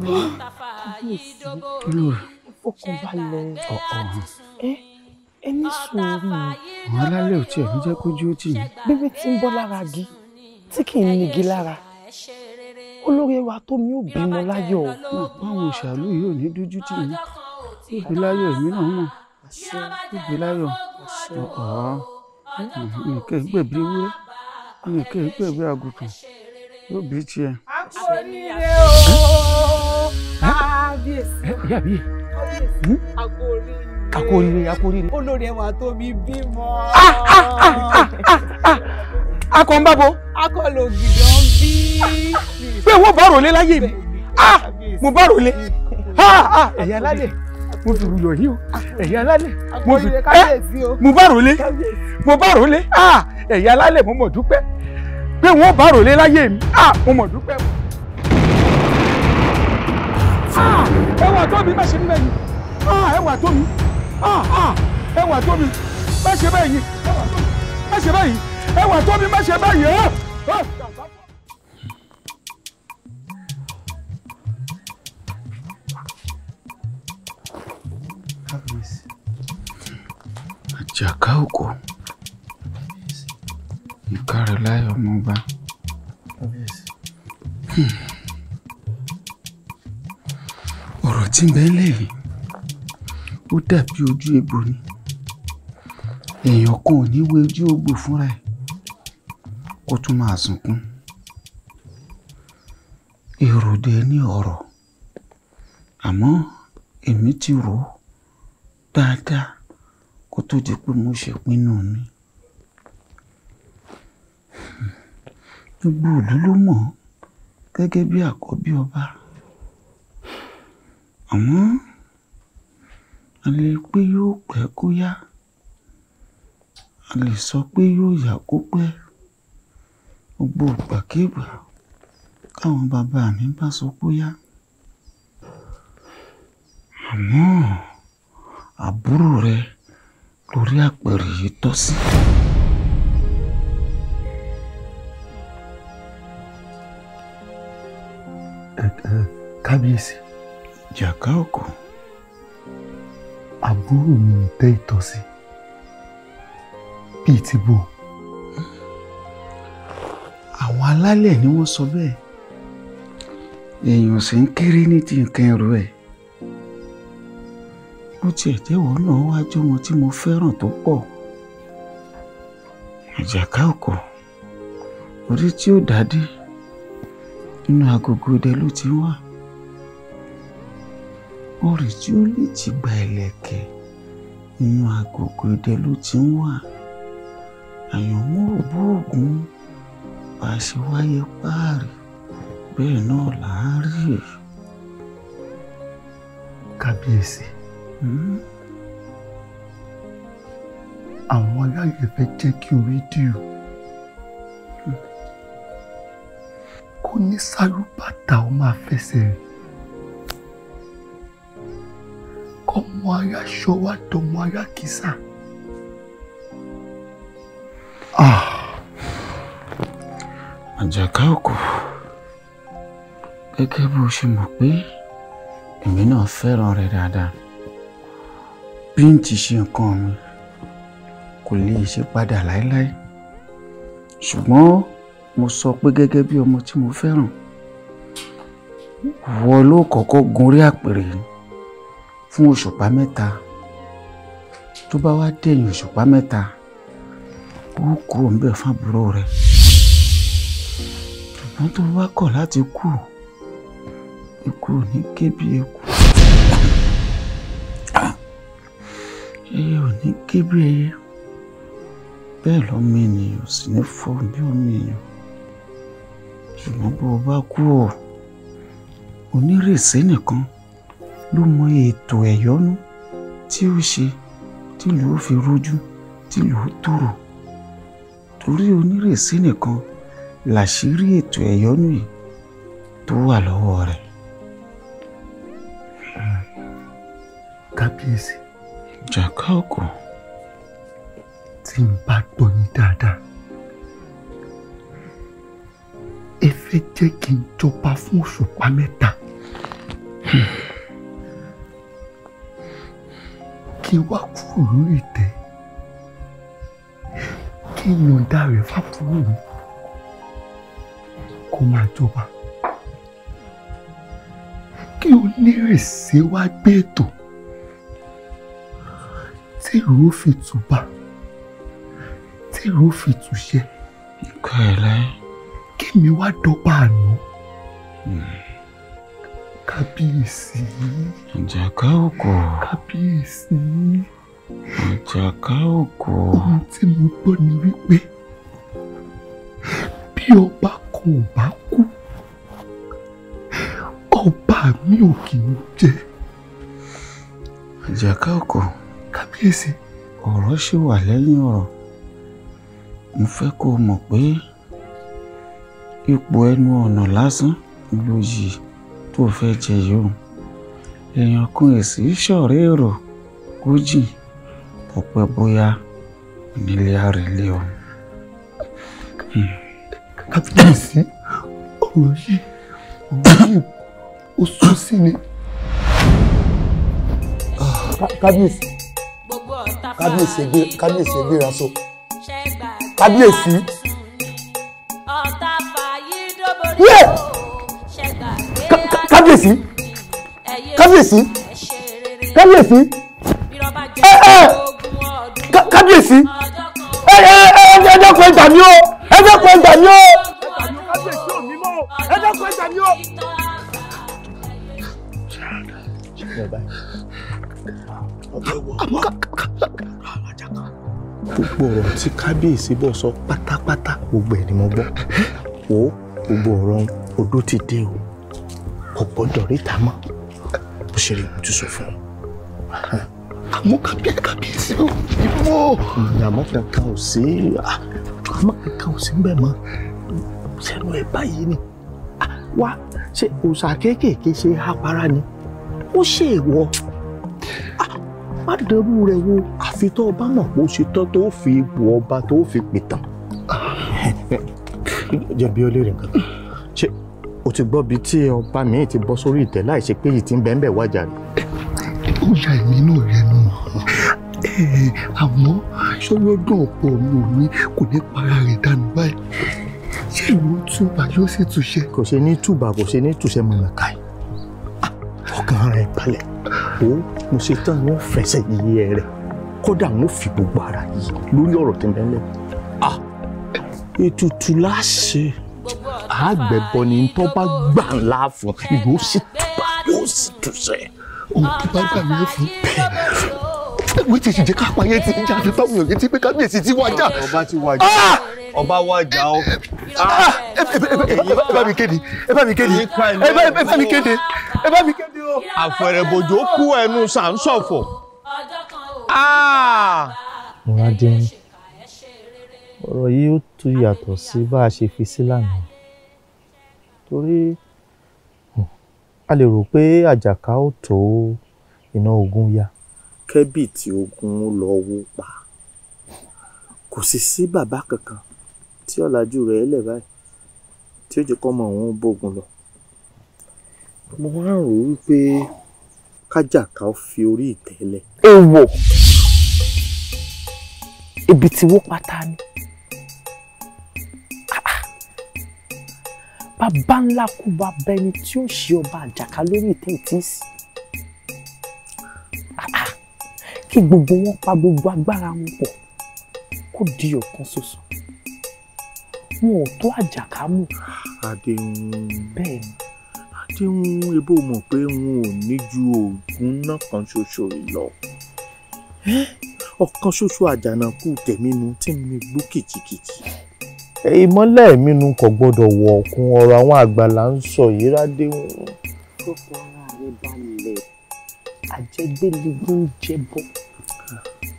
fọkànbalẹ̀ ọ̀hún ẹ ní sùúrù wọn lálẹ́ ò tiẹ̀ ń jẹ́ kójú ó tì mí. bébí tí ń bọ́ lára gi tí kì í nigi lára olórí wa tó mi ò bímọ láyọ̀ o. mo báwọn òṣàlù yìí ò ní dójú tì mí ìgbé láyọ̀ èmi náà mọ̀ ìgbé láyọ̀ ọ̀hún nǹkan ìgbẹ̀bí ewúrẹ́ nǹkan ìgbẹ̀bí àgùntàn yóò bí tiẹ̀. a kò ní kábíyèsí akóríire hmm? akóríire. olórí ẹwà tó mi bímọ. akọ ń bábo. akọ ló gbìdọ̀ ń bí. pé wọ́n bá rọ̀lẹ́ láyé mi ah, mo bá rọ̀lẹ́ ah, ah, ẹ̀yà alálẹ̀ mo fi rúyọ̀ yìí o ẹ̀yà alálẹ̀ mo fi ẹ́ eh, mo bá rọ̀lẹ́ mo bá rọ̀lẹ́ ẹ̀yà alálẹ̀ mo mọ̀ dúpẹ́ pé wọ́n bá rọ̀lẹ́ láyé mi mo mọ̀ dúpẹ́. Ah! ẹwà tó mi mẹ́sẹ̀ nílẹ̀ yìí ẹwà tó mi ah, ah, ẹwà tó mi mẹ́sẹ̀ bẹ́ẹ̀ yìí mẹ́sẹ̀ bẹ́ẹ̀ yìí ẹwà tó mi mẹ́sẹ̀ bẹ́ẹ̀ yìí. Ah, àjàká òkò ìkárẹ̀ láyọ̀ ọmọọba. Hmm ọ̀rọ̀ tí ń bẹ ń lẹ̀ yìí ó dàbí ojú egbò ni èèyàn kan ò ní wo ojú egbò fúnra ẹ̀ kó tún máa sunkún èrò dé ní ọ̀rọ̀ àmọ́ èmi ti rò ó dáadáa kó tó di pé mo ṣèpinnu mi gbogbo ìlú ló mọ̀ gẹ́gẹ́ bí àkọ́bí ọba àmọ́ a lè pé yóò pẹ́ kó yá a lè sọ pé yóò yá kó pẹ́ gbogbo ìgbàkigbà táwọn bàbá mi bá sọ pé ó yá àmọ́ àbúrò rẹ lórí àpẹẹrẹ yìí tọ́ sí. kábíyèsí jàká òkú àbúrò mi ò tẹ́ ìtọ́sí àwọn alálẹ̀ ni wọ́n sọ bẹ́ẹ̀ èèyàn sì ń kéré ní ti nǹkan ẹrù ẹ̀ bó tiẹ̀ jẹ́wọ́ náà wá jó wọn tí mo fẹ́ràn tó pọ̀ ìjàká ọkọ̀ orí tí ó dá dé inú agogo ọdẹ ló ti wà. orè tí ó lè ti gba ẹ̀lẹ̀kẹ̀ inú agogo idẹ ló ti ń wà àyànmọ́rò bóògùn bá a ṣe wáyé páàrí bẹ́ẹ̀ náà là á rí. kábíyèsí hmm? àwọn aráàlú fẹ́ jẹ́ kí orí dìrò hmm. kó ní sálúbàtà ó máa fẹsẹ̀ rìn. Moya Showa to moya Kisa. Ah, àjàká òkú gẹ́gẹ́ bó ṣe mọ̀ pé èmi náà fẹ́ràn rẹ̀ dáadáa bí n ti ṣe nǹkan mi kò lè ṣe padà láéláé ṣùgbọ́n mo sọ pé gẹ́gẹ́ bí ọmọ tí mo fẹ́ràn wọ́n ló kọ́kọ́ gun orí àpèrè yìí fún òṣùpá mẹ́ta tó bá wá dẹ̀yìn òṣùpá mẹ́ta ó kúrò ń bẹ̀ fún àbúrò rẹ̀ ṣùgbọ́n tó bá kọ̀ láti kú ikú ò ní ké bí eku ẹyẹ ò ní ké bí ẹyẹ bẹ́ẹ̀ lọ́mọ ènìyàn sì ní fọ́ bí ọmọ ènìyàn ṣùgbọ́n bó o bá kú ò onírèsé nìkan ló mọ ètò ẹ̀yọ́nú tí ó ṣe tìlú ó fi rójú tìlú ó tòrò torí onírèsí nìkan làṣírí ètò ẹ̀yọ́nú yìí tó wà lọ́wọ́ rẹ̀. kábíyèsí. jàkà ọkọ. tí n bá gbọ́ yín dáadáa ẹ fẹ́ jẹ́ kí n jọba fún òṣùpá mẹ́ta. Hmm. kí n wá kúrò lórí ìtẹ́ kí n yọ̀ǹda rẹ̀ fáfúrú mi kó máa jọba kí onírèsè wá gbé ètò tí ìró fi tùbà tí ìró fi tùṣẹ. ìkọ́ ẹ̀ láyé. kí mi wá dọ́gba àná. Mm kábíyèsí. ìjàká òkò. kábíyèsí. ìjàká òkò. ohun tí mo gbọ́ ni wípé bí ọba kan ò bá kú ọba mi ò kì í jẹ. ìjàká òkò. kábíyèsí. ọ̀rọ̀ ṣì wà lẹ́yìn ọ̀rọ̀ mo fẹ́ kó o mọ̀ pé ipò ẹnu ọ̀nà lásán ló yìí tó fẹ́ jẹ yìí èèyàn kan èsì ṣọ̀rẹ́ èrò kó kò pẹ́ bóyá onílé àrèlé o. kábíyèsí ọ̀rọ̀ yìí ó sún sí ni. kábíyèsí kábíyèsí ẹgbẹ́ kábíyèsí ẹgbẹ́ ìránṣọ kábíyèsí. ọ̀tá kábíyèsí kábíyèsí kábíyèsí ẹ ẹ kábíyèsí ẹ ẹ ẹ ẹ dẹ́kun ẹgbà mí o ẹ dẹ́kun o kábíyèsí ò ní mọ́ o. ọ̀rọ̀ tí kábíyèsí bọ̀ sọ pátápátá gbogbo ẹ̀ ni mo gbọ́ o gbogbo ọ̀rọ̀ odó ti dé o. kò gbọ́dọ̀ ríta mọ́ bó ṣe rí mo ti sọ fún un. àmọ́ kábíyèsí kábíyèsí o ìbò. àmọ́ kankan ò sí ah, àmọ́ kankan ò sí bẹ́ẹ̀ mọ́ sẹ́nu ẹ̀ báyìí ni ah, wá ṣe òòṣà kéékèèké ṣe apara ni ó ṣe ìwọ ah, má dẹrú rẹ wo àfi tó o bá mọ̀ pé ó ṣe tán tó fi wọ ọba tó fi pìtàn. jẹ̀bi ọlẹ́rìí nǹkan o ti gbọ́ bi tí ọba mi ti bọ́ sórí ìtẹ́ láìsí pé yìí ti ń bẹ́ẹ̀ bẹ́ẹ̀ wájà rẹ̀. ó ya èmi náà lẹ́nu àmọ́ sọ́yọ́dún ọ̀pọ̀ mi ò ní kò ní para rẹ̀ dànù báyìí ṣé ìlú túbà yóò sì túṣẹ. kò ṣe ní túbà kò ṣe ní túṣẹ mọ̀nà káyì ọkàn rẹ̀ balẹ̀ o mo ṣe tán wọn fẹsẹ̀ yíyẹ rẹ̀ kódà wọn fi gbogbo ara yìí lórí ọ̀rọ̀ tẹ̀mẹ́lẹ̀ ah ètùtù láṣẹ àgbẹ̀bọ ni tó bá gbà ńlá fún ìlú sì túbà yóò sì túṣẹ̀ òun ti bá gbà mí fún bẹ́ẹ̀ wí ti sì jẹ́ kápá yẹn ti ń jà fi báwọn èèyàn ti pé kábíyèsí ti wájà. ọba ti wájà ah! ọba wájà o. Ah! ẹ bá mi kéde ẹ bá mi kéde ẹ bá mi kéde ẹ bá mi kéde o. àfẹ̀rẹ̀bòjò kú ẹnu sàǹsọ̀fọ̀. Ah! Mùradé ọ̀rọ̀ yìí ó tún yàtọ̀ sí bá a ṣe fi sí lánàá torí hmm, a lè rò pé àjàká ò tó iná ogun yá. kẹ́bì tí ogun lọ wó pa kò sì sí bàbá kankan tí ọ̀làjú rẹ̀ lẹ̀ báyìí tí ó jẹ́ kọ́ ọmọ òun bógun lọ. mo máa rò wípé kájàká fi orí ìtẹ́ lẹ̀. ibi tí wọ́n pátá ni. bàbá ńlá kú bàbá ẹni tí ó ṣe ọba àjàká lórí ìtẹ́ ìtíìsì kí gbogbo wọn pa gbogbo agbára wọn pọ̀ kó di ọ̀kan ṣoṣo wọn ò tó àjàká mú. àdéhùn bẹ́ẹ̀ ni. àdéhùn ebo mọ̀ pé wọn ò ní ju oògùn náà kan ṣoṣo lọ ọ̀kan ṣoṣo àjànàkú tèmi nu tí mi gbó kìkìkìkì ìmọ́lẹ̀ mi nu kò gbọ́dọ̀ wọ̀ ọ̀kun ọ̀rọ̀ àwọn àgbà là ń sọ yìí rádé wọn. gbogbo ara rẹ balẹ̀ àjẹgbélégún jẹbọ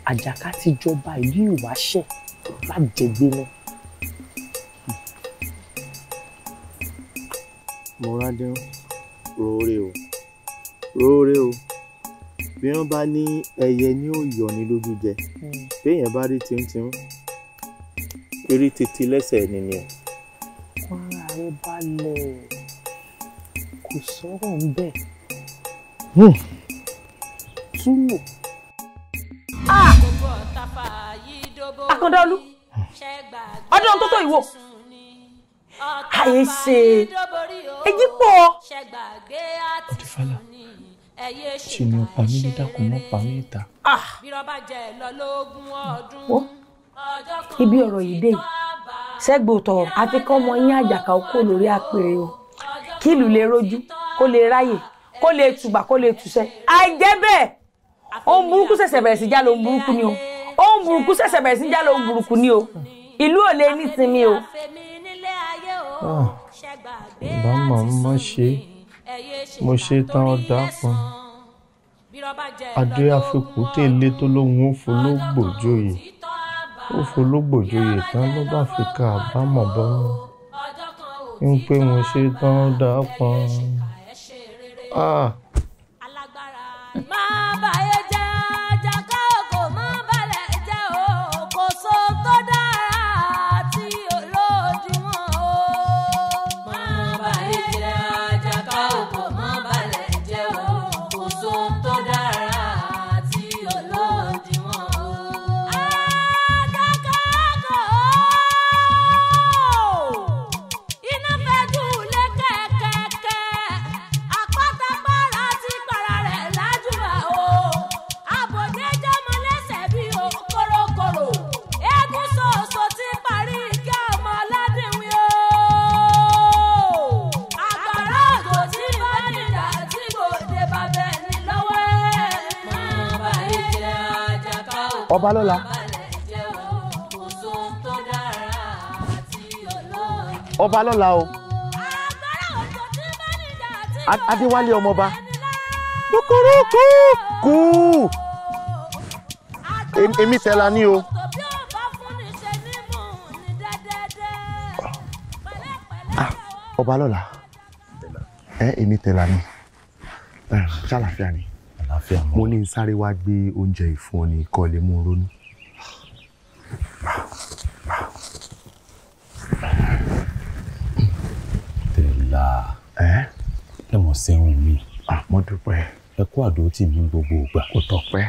àjàká ti jọba ìlú ìwáṣẹ̀ lájẹgbé náà. mọ́rádé roore o roore o bí wọ́n bá ní ẹyẹ ní òòyàn ní lójú jẹ hmm. béèyàn bá rí tìǹtìǹ eré tètè lẹ́sẹ̀ ni ni o. kọ́ra ẹ balẹ̀ kò sọ̀rọ̀ ń bẹ̀. Hmm. túlò. Ah! akọ́dọ́lù ọdún tó tó ìwò àyèsè èyí pọ̀. ọ̀dìfàlà ṣe ọ̀pá mi ní dàkún mọ́ pa ah! wọ́n ibi ọ̀rọ̀ yìí dé sẹ́gbòtọ̀ àfi kọ́ ọmọ yín àjàkà ó kó lórí àpèrè o kí ìlú lè rojú kó lè ráyè kó lè tùgbà kó lè tùṣẹ́ àìjẹ́ bẹ́ẹ̀ ohun burúkú ṣẹ̀ṣẹ̀ bẹ̀rẹ̀ sí jálò ohun burúkú ni o ohun burúkú ṣẹ̀ṣẹ̀ bẹ̀rẹ̀ sí jálò ohun burúkú ni o ìlú ò ní sinmi o. ìbá màá má ṣe mo ṣe tán ọ̀dà kan adé àfikún tèlé tó lóun ó fò ló gbòjó yìí ó fológbòjoyè tán ló bá fi ka àbámọ̀ bọ́nú ń pé mo ṣe tán dáa ah! pọn. má bàa ọba lọ́la. ọba lọ́la o adéwálé ọmọba kúkúrú kú èmi tẹ̀la ní o. Ah, ọba lọ́la ẹ èmi tẹ̀la ní ṣàlàfíà ni mo ní sáré wá gbé oúnjẹ ìfún ọ ní kọ́ lè mú ronú. tẹ̀lá lẹ́wọ̀n sẹ́wọ̀n mi. àmọ́ dúpẹ́. ẹ kó àdó tì mí gbogbo ìgbà. kò tọ́pẹ́.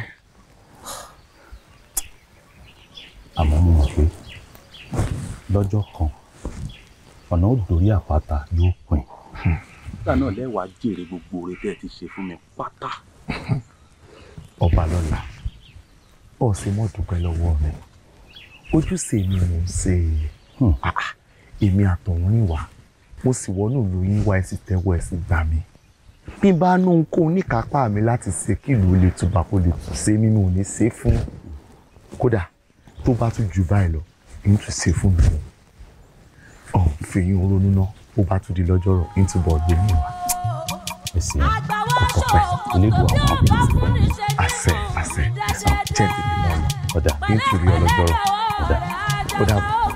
àmọ́ mo mọ̀ pé lọ́jọ́ kan ọ̀nà ó dórí àpáta yóò pin. nígbà náà lẹ́wàá jèrè gbogbo oore tẹ́ ẹ ti ṣe fún mi pátá ọba lọ́la ó sì mọ́ dúpẹ́ lọ́wọ́ mi ojúṣe mi mò ń ṣe hmm. ah, ah, èmi àtọ̀hún níwà mo sì wọnú ìlú yín wá ẹsì tẹ́wọ́ ẹsì gbà mí bí n bá nú nǹkan oníkápá mi láti ṣe kí ìlú lè tùbà kó lè tù ṣe mímú ò ní ṣe fún kódà tó bá tún jù báyìí lọ ń tún ṣe fún mi ọ̀hún fèyí ronú náà bó bá tún di lọ́jọ́ rọ̀ ń túbọ̀ gbé mi wá ṣèṣe ọkọpẹ onílù àwọn àbúrò àṣẹ àṣẹ jẹbi mímọ ọdà nítorí ọlọjọrọ ọdà ọdà bọ.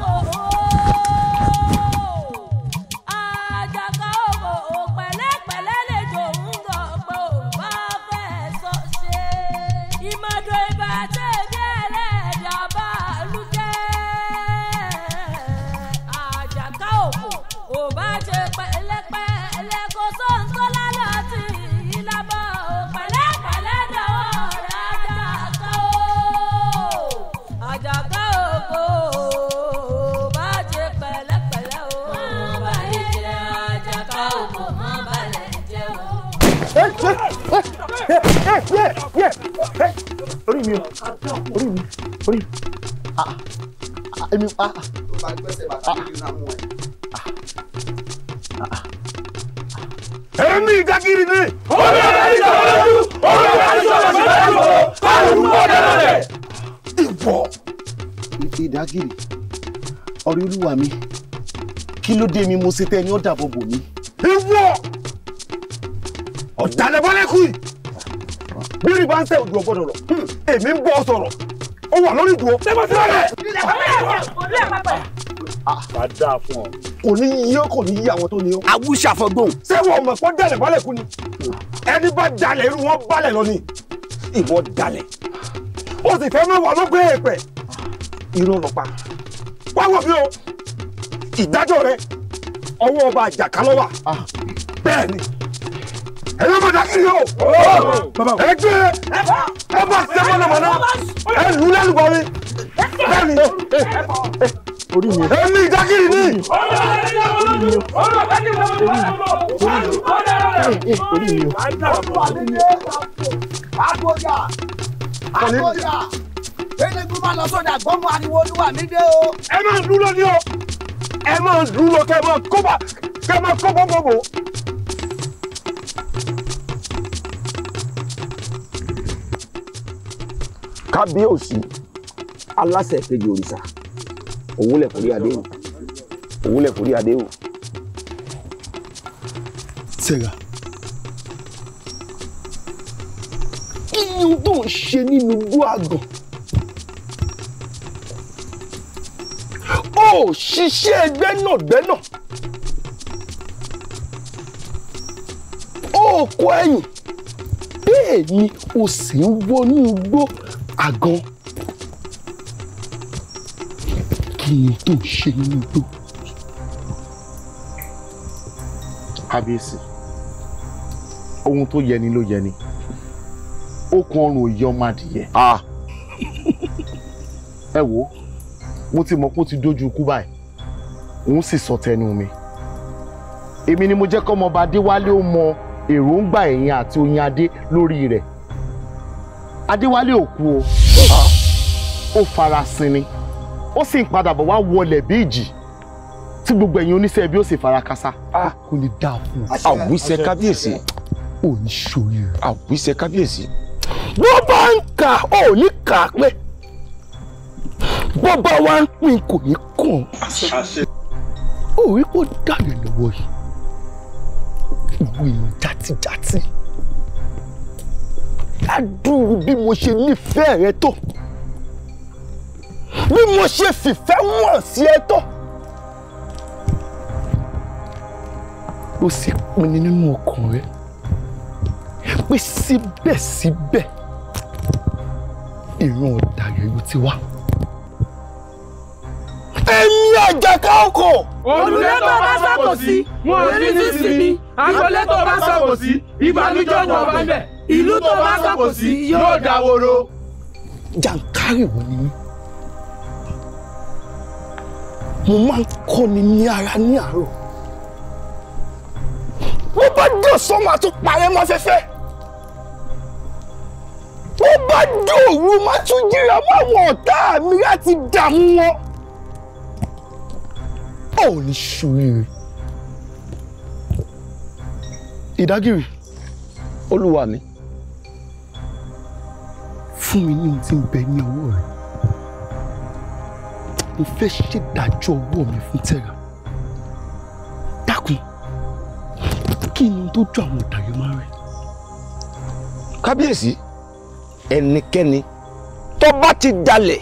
yẹ yẹ Hey, orí mi o orí mi orí mi ah èmi ah ah èmi ìdágìrì ni. omi ọ̀dàdì sọ̀rọ̀ lójú omi ọ̀dàdì sọ̀rọ̀ sí lójú o káàdì wúwo dáná rẹ̀. ìbọ. ìdágìrì ọ̀rẹ́ olúwa mi kí ló dé mi mo ṣe tẹ ẹni ọ̀dà bọ̀bọ̀ mi. ìwọ ọ̀dàlẹ̀bọ̀lẹ̀kùn yìí bí rí bá ń sẹ́ òdùọ̀ gbọ́dọ̀ lọ hmm, èmi ń bọ́ ọ sọ̀rọ̀ ó wà lórí ìdúró. ṣé mo ti rẹ̀ bá dáa fún ọ. kò ní yíyó kò ní yí àwọn tó ní yó. awúṣà fọgbọ́n. ṣé wọn mọ̀ pé dalẹ̀ balẹ̀ kú ni ẹni bá dalẹ̀ irú wọn balẹ̀ lọ ni ìwọ dalẹ̀ ó sì fẹ́ máa wà lọ́gbẹ́ èèpẹ̀ irú ọlọ́pàá wá wọ̀ bí o ìdájọ́ rẹ ọwọ́ ọba àjàkálọ́wà ah. bẹ́ẹ̀ ni ẹ yóò bàtà sí yóò ẹ gbé ẹ bá sẹ́fọ́ náà mọ̀nà ẹ lù lálùbọ̀rí bẹ́ẹ̀ ni orí mi. ẹ ní ìdákìrì ní. orí mi o. Eléegun máa lọ sọ́dà gbọ́mọ ariwo olúwa mi dé o. Ẹ máa dúró ní o. Ẹ máa dúró kẹ́ ẹ máa kópa kẹ́ ẹ máa kó gbogbo. kábíyèsí aláṣẹ kejì òrìṣà òwúlẹ̀ kórí adé o òwúlẹ̀ kórí o. sẹ́gà kí ni o tó ń ṣe nínú igbó àgàn ó ṣiṣẹ́ ẹgbẹ́ náà gbẹ́nà ó kọ ẹ̀yìn bẹ́ẹ̀ ni o sì ń wọnú igbó àgàn kí ni tó ń ṣe nínú igbó. kábíyèsí ohun tó yẹni ló yẹni okùn ọrùn òye ọmọ adìyẹ. ẹ wo mo ti mọ̀ pé ó ti dójú ikú báyìí òun sì sọ tẹnu mi èmi ni mo jẹ́ kọ́mọba adéwálé ó mọ èròǹgbà ẹ̀yìn àti oyin adé lórí rẹ̀ adéwálé ò kú o ó farasin ni ó sì ń padà bọ̀ wá wọlé bí ìjì tí gbogbo ẹ̀yin oníṣẹ́ bí ó sì fara kásá. Ah. kò lè dáa fún un. àwíṣẹ kábíyèsí. ò ní ṣòye. àwíṣẹ kábíyèsí. bó bá ń kà ó ní kà pé bó bá ń pín kò ní kàn. òwe kò dàlẹ̀ lọ́wọ́ yìí ìwé ìjàtìjàtì ládùn bí mo ṣe nífẹ̀ẹ́ rẹ tó bí mo ṣe fìfẹ́ wọ̀n sí ẹ tó ó sì pinni nínú ọkàn rẹ pé síbẹ̀síbẹ̀ ìran ọ̀tá rẹ ló ti wá. Èmi àjàká ọkọ̀. Òrùlé bá sàkòsí, wọn ò ní ní sinmi. Agbolé bá sàkòsí, ìbànújẹ́ ọ̀nà ọ̀bá ń bẹ̀ ìlú tó bá sọ̀kò sí yóò dáwòrò. jàǹkárì wo ni mí mo máa ń kọ́ ni ní ara ní àárọ̀ mo bá dé ọ̀sán máa tún parẹ́ mọ́ fẹ́fẹ́ mo bá dé òru máa tún jíra mọ́ àwọn ọ̀tá mi láti dààmú wọn ò ní ṣoríire ìdágìrì olúwa mi fún mi ní ohun tí ń bẹ ní ọwọ́ rẹ mo fẹ́ ṣèdájọ́ ọwọ́ mi fún tẹ́ra dákun kí ni tó jọ àwọn ọ̀dàyọ̀ máa rẹ. kábíyèsí ẹnikẹ́ni tó bá ti dalẹ̀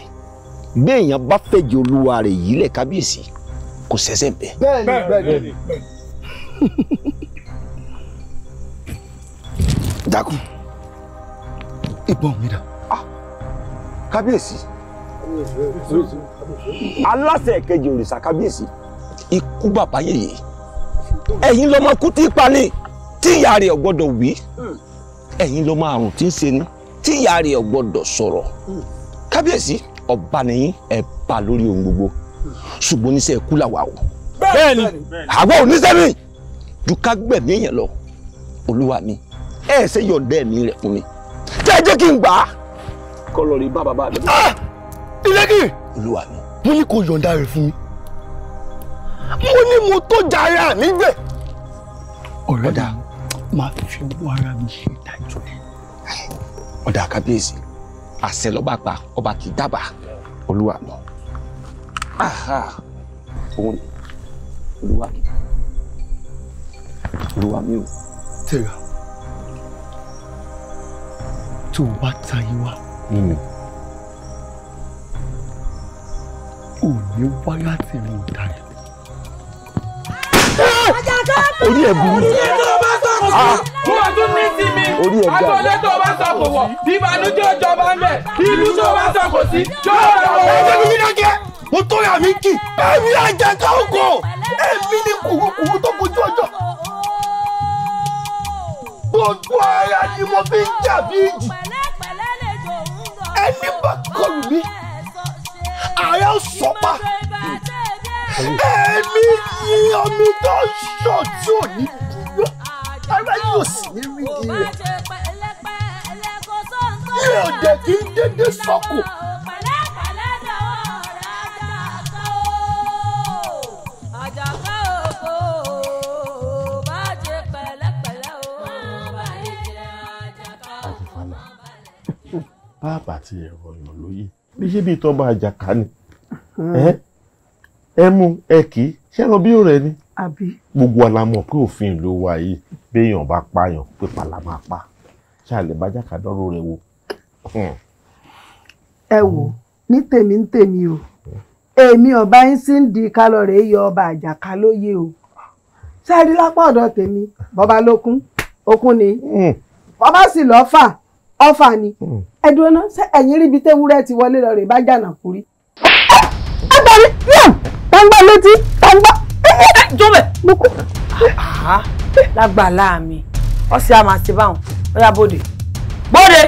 bí èèyàn bá fẹ̀jẹ̀ olúwa rẹ̀ yìí lẹ̀ kábíyèsí kò ṣẹ̀ṣẹ̀ bẹ̀. bẹ́ẹ̀ni bẹ́ẹ̀ni dákun ìbọn mi dà kábíyèsí aláṣẹ kejì òrìṣà kábíyèsí. ikú bàbá yèyé ẹ̀yin lọ́mọ kú tí palẹ̀ tí ìyá rẹ̀ ọ̀gbọ́dọ̀ wí ẹ̀yin lọ́mọ àrùn tí ń ṣe ni tí ìyá rẹ̀ ọ̀gbọ́dọ̀ sọ̀rọ̀ kábíyèsí ọba nìyí ẹ̀ bá lórí ohun gbogbo ṣùgbọ́n oníṣẹ́ ikú làwà o. bẹ́ẹ̀ni àgọ́ oníṣẹ́ mi ju ká gbẹ̀mí yẹn lọ olúwa mi ẹ̀ ṣe yọ̀ọ̀dẹ́ mi rẹ̀ fún mi tẹ́ ẹ jẹ́ kí n gbà á kọ́ lọ rí bá bàbá mi. Ah! ìlẹ́kì. olúwa mi. mo ní kó yọ̀ǹda rẹ̀ fún mi. mo ní mo tó jàre àníbẹ̀. ọ̀rẹ́ mi máa fi owó ara mi ṣe ìdájọ́ ẹ̀. ọ̀dà kábíyèsí àṣẹ lọ́ba pa ọba kì í dábàá olúwa lọ. òun ni olúwa mi olúwa mi ò. tẹ̀ra tó o bá ta yín wá. Mimi. o, ní wáyà tí mi ò darí. Orí ẹ̀ burú. Orí ẹ̀ ah! ga. Agbolé tó bá sọ kò wọ̀, ìbànújẹ́ ìjọba ń bẹ̀, ìlú tó bá sọ kò sí, yóò rọ̀ wọ̀. Ẹ jẹ́ mi nílò jẹ́, mo tó yà mí kì, èmi àjàká ògo, èmi ni kùkùkù tó kojú ọjọ́ gbogbo ara ni mo fi ń jà bí ìjì anybody call me ààrẹ sọpa èmi ni omi tó ń yọ tí ò ní dúró ara yóò sì ní rí di rẹ mi ò dẹ̀ kí n dédé sọ́kù. bá àbàtì ẹ̀rọ ọ̀yàn lóye bí ṣé bíi tọ́ba àjàká ni ẹ mú ẹ kì í ṣẹ́ran bí òrẹ́ ni gbogbo wa la mọ̀ pé òfin ìlú wa yìí béèyàn bá pààyàn pípa la máa pa ṣàlẹ̀ bá jàká dọ́rọ̀ rẹ wo. ẹ wò ní tèmi ní tèmi o èmi ọba yín sì ń di kálọ̀rì yọ ọba àjàká lóye o ṣáà rí lápá ọ̀dọ̀ tèmi bọ́ba lókun okun ni bọ́ba sì lọ́ọ́ fà ọfà ni hmm. ẹdùn náà ṣé ẹ̀yin ríbi tẹ́wúrẹ́ ti wọlé lọ rè bá jànà kú rí. agbárí gbangba létí gbangba. jọ́bẹ̀ mo kú. lágbàlá mi ọ̀sẹ̀ a máa ṣe báwọn ọ̀yà bòde bòde.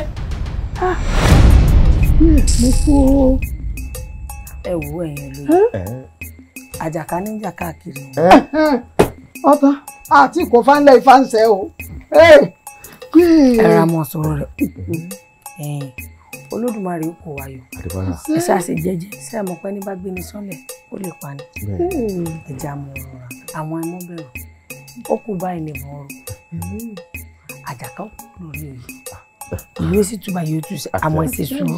mo kú o. ẹ wo ẹ̀yin lóye àjàká níjà káàkiri. ọba àti kò fánlẹ̀ ìfáǹsẹ̀ o. Hey! ẹ ra mọ sọ̀rọ̀ rẹ *laughs* olódùmarè kò wáyọ ẹ ṣáàṣì jẹ́jẹ́ ṣe é mọ pé ní bá gbé ní sọlẹ̀ ó lè pa ni ẹja mọ ọ̀rọ̀ àwọn ẹmọ bẹ̀rù ó kú báyìí ní ìmọ̀ ọ̀rọ̀ àjàká ó kú lórí èyí ìlú èsì túbà yóò tù sí ẹsẹ sùúrù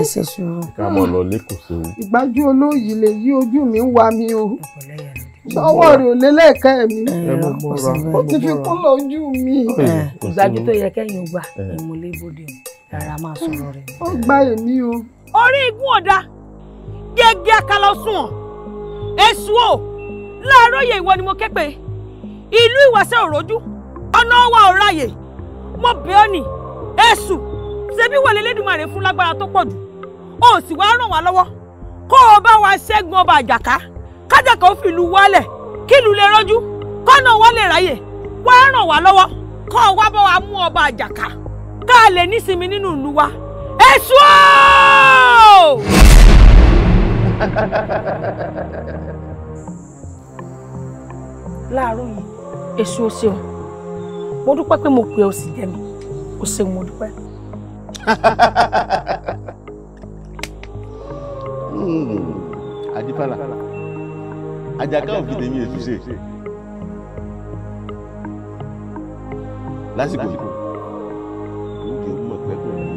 ẹsẹ sùúrù. i. ìgbájú olóyìí lè yí ojú mi ń mi o ọwọ́ rẹ̀ ò lé lẹ́ẹ̀kẹ́ mi ó ti fi kún lójú mi. ìgbàgbé tó yẹ kẹ́yìn gbà ìmúlẹ́bọ̀dẹ̀ rárá máa sọ̀rọ̀ rẹ̀. ó gba èmi o. orí igun ọ̀dà gẹ́gẹ́ akalọ́sùn ọ̀ èṣù o láàárọ̀yè ìwọ ni mo ké pe ìlú ìwàsẹ̀ òrojú ọ̀nà wa ò ráyè mo bẹ̀ ọ́ ni èṣù ṣebí wà lélẹ́dùnmarè fún lágbára tó pọ̀ jù o sì wá ràn wá lọ́wọ́ kó o bá wa ṣẹ́gun ọba àjàká kájà kan fìlú wálẹ̀ kílù lè rọ́jú kọ́nà wa lè ráyè wá ràn wá lọ́wọ́ kọ́ ọ wá bá wa mú ọba àjàká ká lè nísinmi nínú ìlú wa èṣù o. láàárọ̀ yìí èṣù o ṣeun mo dúpẹ́ pé mo pè ọ́ sì jẹ́ mi o ṣeun mo dúpẹ́. Adifala. Hmm, Adifala àjàká ògidè mi ètù ṣe lásìkò yìí oúnjẹ òun mọ̀ pẹ́ pẹ̀lú mi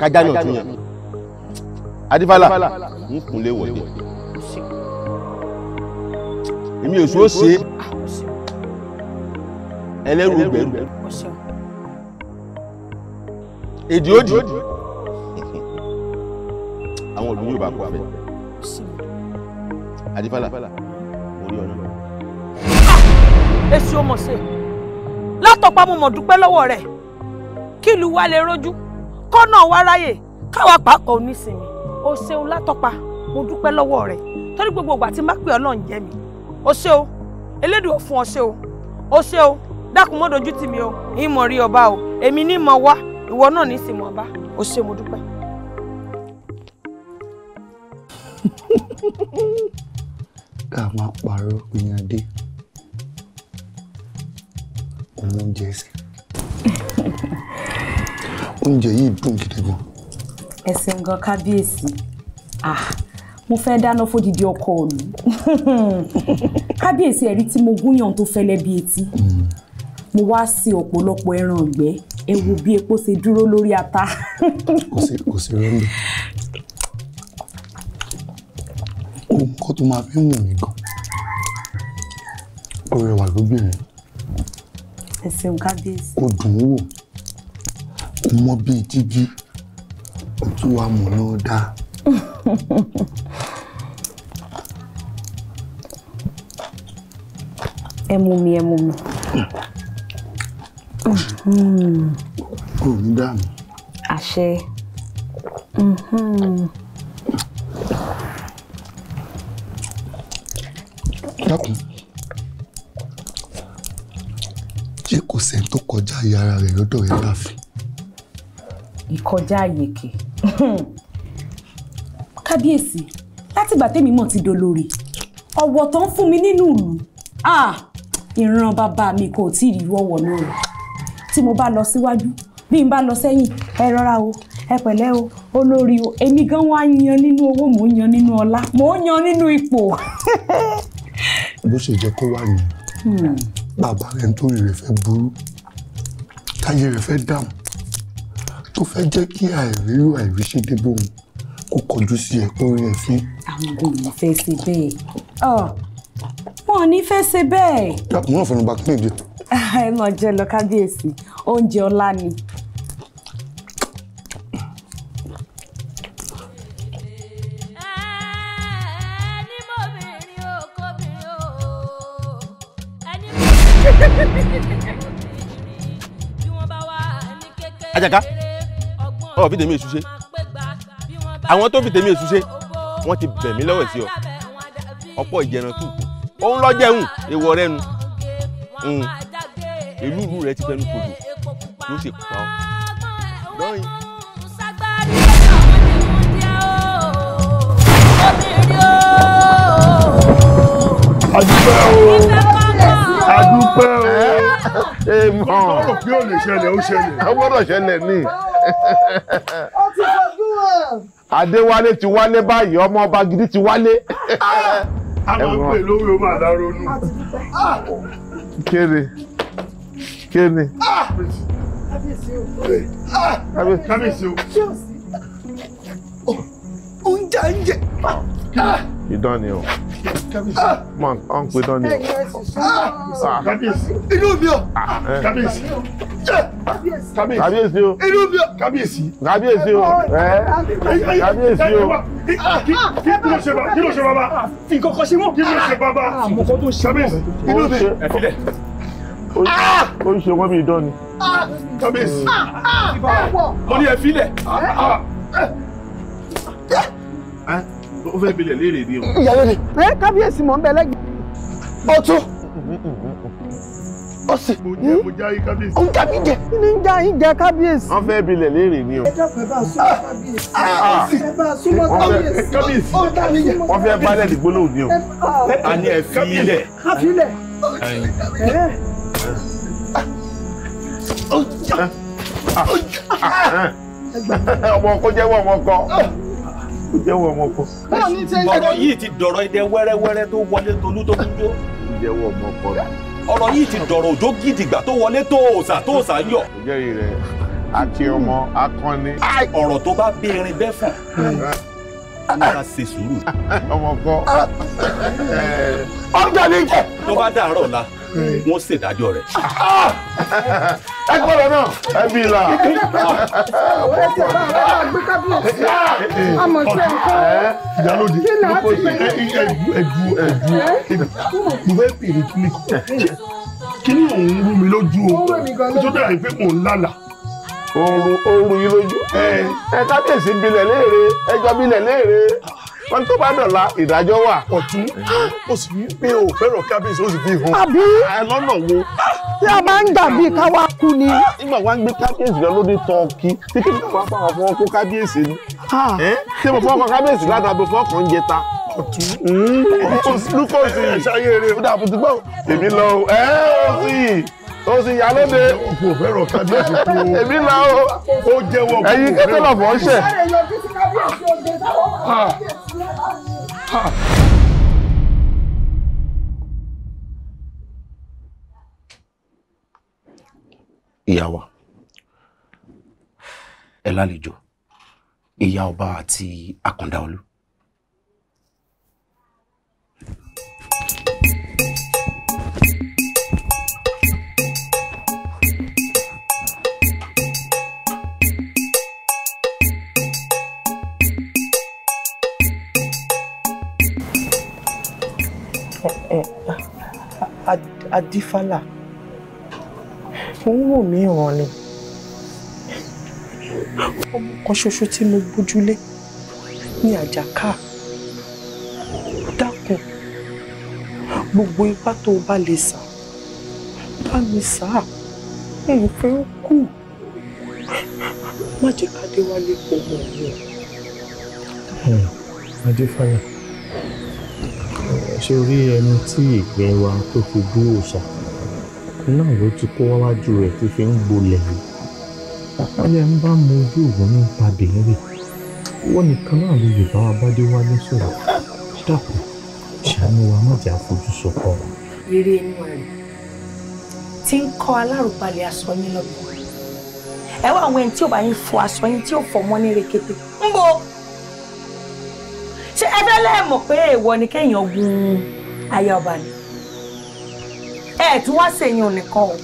kájá náà tún yẹn adífálà ń kunlé wọ̀dé èmi èso ó ṣe ẹlẹ́rù bẹ̀rù èdè ó dì àwọn òbí bá kó abẹ́ adifala orí ọ̀nà. èsì ọmọ ṣe látọ̀pá mo mọ̀ dúpẹ́ lọ́wọ́ rẹ̀ kí ìlú wa lè rojú kọ́nà wa ráyè káwa pàápàá onísìnyí o ṣeun látọ̀pá mo dúpẹ́ lọ́wọ́ rẹ̀ torí gbogbo ìgbà tí má pè ọ́ náà ń jẹ́ mi o ṣe o elédùn fún ọ ṣe o o ṣe o dákun mọ́ dojú tì mí o ìmọ̀ rí ọba o èmi ní mọ̀ wá ìwọ náà ní ìsìn mọ̀ ọba o ṣe mo dúpẹ́. *laughs* ká máa pààrọ̀ ìyẹn dé òun oúnjẹ ẹsẹ̀ oúnjẹ yìí dùn gidi gan. ẹ̀sìn gan kábíyèsí ah, mo fẹ́ dáná fódìdí ọkọ mi *laughs* kábíyèsí ẹ̀rí tí mo gúnyàn tó fẹ́lẹ́ bí etí mo wá sí ọ̀pọ̀lọpọ̀ ẹran ọ̀gbẹ́ ẹ wo bí epo ṣe dúró lórí ata. kò sí rẹ́ńdì. *laughs* máa fi ń wù mí gan ó rẹwà lójú mi ẹ ṣeun kábíyèsí ó dùn ún wò ó mọ bíi jíjí ó tún wàá mọ̀ náà dáa. ẹ mú mi ẹ mú mi. kò ní dààmú. àṣẹ. Mm-hmm. dákun ṣé kò sẹ́ni tó kọjá àyè ara rẹ̀ lọ́dọ̀ rẹ̀ láàfin. ìkọjá àyèké kábíyèsí látìgbà tèmi mọ̀ ti dolórí ọ̀wọ̀ tó ń fún mi nínú ìlú ìran bàbá mi kò tí ì rí ọ̀wọ̀ náà rẹ̀ tí mo bá lọ síwájú bí n bá lọ sẹ́yìn ẹ rọra o ẹ pẹ̀lẹ́ o olórí o èmi gan wá yan nínú owó mò yan nínú ọlá mò yan nínú ipò *laughs* bó ṣe jẹ́ kó wà nìyẹn hmm. bàbá rẹ̀ nítorí rẹ̀ fẹ́ burú táyé rẹ̀ fẹ́ dààmú tó fẹ́ jẹ́ kí àìrírò àìríṣẹ́ dé bóun kó kọjú sí ẹ kó rí ẹ fín. àwọn kò ní fẹ́ ṣe bẹ́ẹ̀ wọn ò ní fẹ́ ṣe bẹ́ẹ̀. mo náà fẹnu bá pín ìdí. Ah, ẹ mọ̀ jẹ́ lọ kábíyèsí oúnjẹ ọlá ni àjàká ọ fi tèmi èṣù ṣe àwọn tó fi tèmi èṣù ṣe wọ́n ti bẹ̀ mí lọ́wọ́ sí ọ ọ̀pọ̀ ìjẹran tù òun lọ jẹun èèwọ̀ rẹ nu ìlú ìlú rẹ ti fẹnu kodò ló sì pa ọ lọ́yìn. àdúgbò ẹ̀ o adúpẹ́ o èèmọ̀. wọ́n rò pé ó lè ṣẹlẹ̀ ó ṣẹlẹ̀. ó gbọ́dọ̀ ṣẹlẹ̀ ni. ó ti fojú hàn. Adéwálé ti wálé báyìí ọmọ ọba gidi ti wálé. a máa ń pè lórí o máa dáró nù. kéde kéde. kábíyèsí o. kábíyèsí o. oúnjẹ oúnjẹ. You done o man ọ ń pe dán ni o. Ah, ah. inú mi o ah, eh. kábíyèsí kábíyèsí o inú mi o kábíyèsí kábíyèsí o eh? kábíyèsí o. kí ló ṣe bàbá kí ló ṣe bàbá fi kọ́kọ́ ṣe wọ́n kí ló ṣe bàbá mọ̀kọ́ tó ṣe kábíyèsí inú mi ẹ̀fílẹ̀ ó ń ṣe wọ́n bí ìdán ni. kábíyèsí mo ní ẹ̀fílẹ̀. Eh? ó fẹ́ bilẹ̀ léèrè ni o. ìyá lóde. ẹ kábíyèsí mọ̀ ń bẹ lẹ́gbẹ̀ẹ́. ọtún ọsẹ. mo jẹ mo jẹ ayé kábíyèsí. òun jàbí jẹ. kí ni ń jẹ ayé jẹ kábíyèsí. wọ́n fẹ́ bilẹ̀ léèrè ni o. ẹ jẹ́ bá a súnmọ́ kábíyèsí. ẹ bá a súnmọ́ kábíyèsí. kábíyèsí wọ́n fẹ́ balẹ̀ dìgbò lóhùn ni o. a ní ẹ fi a fi ọmọ kó jẹ́wọ́ ọmọ kan kò jẹ́wọ́ ọmọ kan. ọ̀rọ̀ yìí ti dọ̀rọ̀ idẹ wẹ́rẹ́wẹ́rẹ́ tó wọlé tolú tó kú jó. jẹ́wọ́ ọmọ kan. ọ̀rọ̀ yìí ti dọ̀rọ̀ òjò gidigba tó wọlé tó òòsà tó òòsà yọ. ìjẹ́rìí rẹ̀ àti ọmọ akọni. ọ̀rọ̀ tó bá bí irin bẹ́ẹ̀ fà ó ní ká ṣe sùúrù. ọmọ gan. ọjà ni jẹ. tó bá dàárọ̀ la wọ́n ṣèdájọ́ rẹ̀. ẹ gbọ́dọ̀ náà ẹ bí la. ẹ ti bá a gbé kábíyèsí àmọ̀ sí ẹ̀kọ́. ìyálòdì lóko ẹ̀dù ẹ̀dù ẹ̀dù mo fẹ́ pèrè kíni kíni òun rú mi lójú o tó dára pé mò ń lálàá oorun oorun yìí lójú ẹ kábíyèsí bilẹ̀ léèrè ẹjọ́ bilẹ̀ léèrè wọn tó bá dọ̀la ìdájọ́ wà. ọ̀tún ó sì ní pé o fẹ́ràn kábíyèsí ó sì fi hàn. àbí lọ́nà wo. tí a máa ń dàbí káwá kú ni. Ah, nígbà wá ń gbé kábíyèsí lọ lóde tọ́ọ̀kì tí kí nígbà wá pàwọn fún ọkọ kábíyèsí ni. Ah. ṣé mo fọ́ ọkọ kábíyèsí ládàá bó fọ́ ọkọ̀ ń ta ọ̀tún. lúkọ̀ọ́sì sí i o sì yà lóde. kò fẹ́ràn kábíyèsí kú o. èmi la o. ó jẹ́wọ́ kó fẹ́ràn. ẹ̀yin kẹ́tọ́ là fọ́ ṣẹ̀. ìyá wa ẹ lálejò ìyá ọba àti Akàndá Olú. Eh, adífálà mo ń wò mí ràn ni ọmọ kan ṣoṣo tí mo gbójúlé ní àjàká dákun gbogbo ipá tó o bá lè sà bá mi sà mo fẹ́ kú má jẹ́ ká pọ̀ mọ́ mi. adífálà. ṣé orí ẹni tí ìgbẹ́ wa tó fi bú òòṣà náà ló ti kó wájú rẹ̀ tó fi ń gbolẹ̀ yìí ọlẹ́ ń bá mu ojú òògùn nípa ipa bìnrin wọ́n nìkan náà ló lè bá wa bá dé wálé sọ̀rọ̀ dàpọ̀ ṣàánú wa má jà àfojú sọ̀kọ. rere inú rẹ̀ tí ń kọ́ alárùbalẹ̀ aṣọ yín lọ́gbọ̀n ẹ wá àwọn ẹni tí ò bá yín fọ aṣọ yín tí ò fọ mọ́ ní rekete ń bọ̀. tẹ́lẹ̀ mọ̀ pé èèwọ̀ ni kéèyàn gun aya ọba ni ẹ tún wá ṣèyàn nìkan o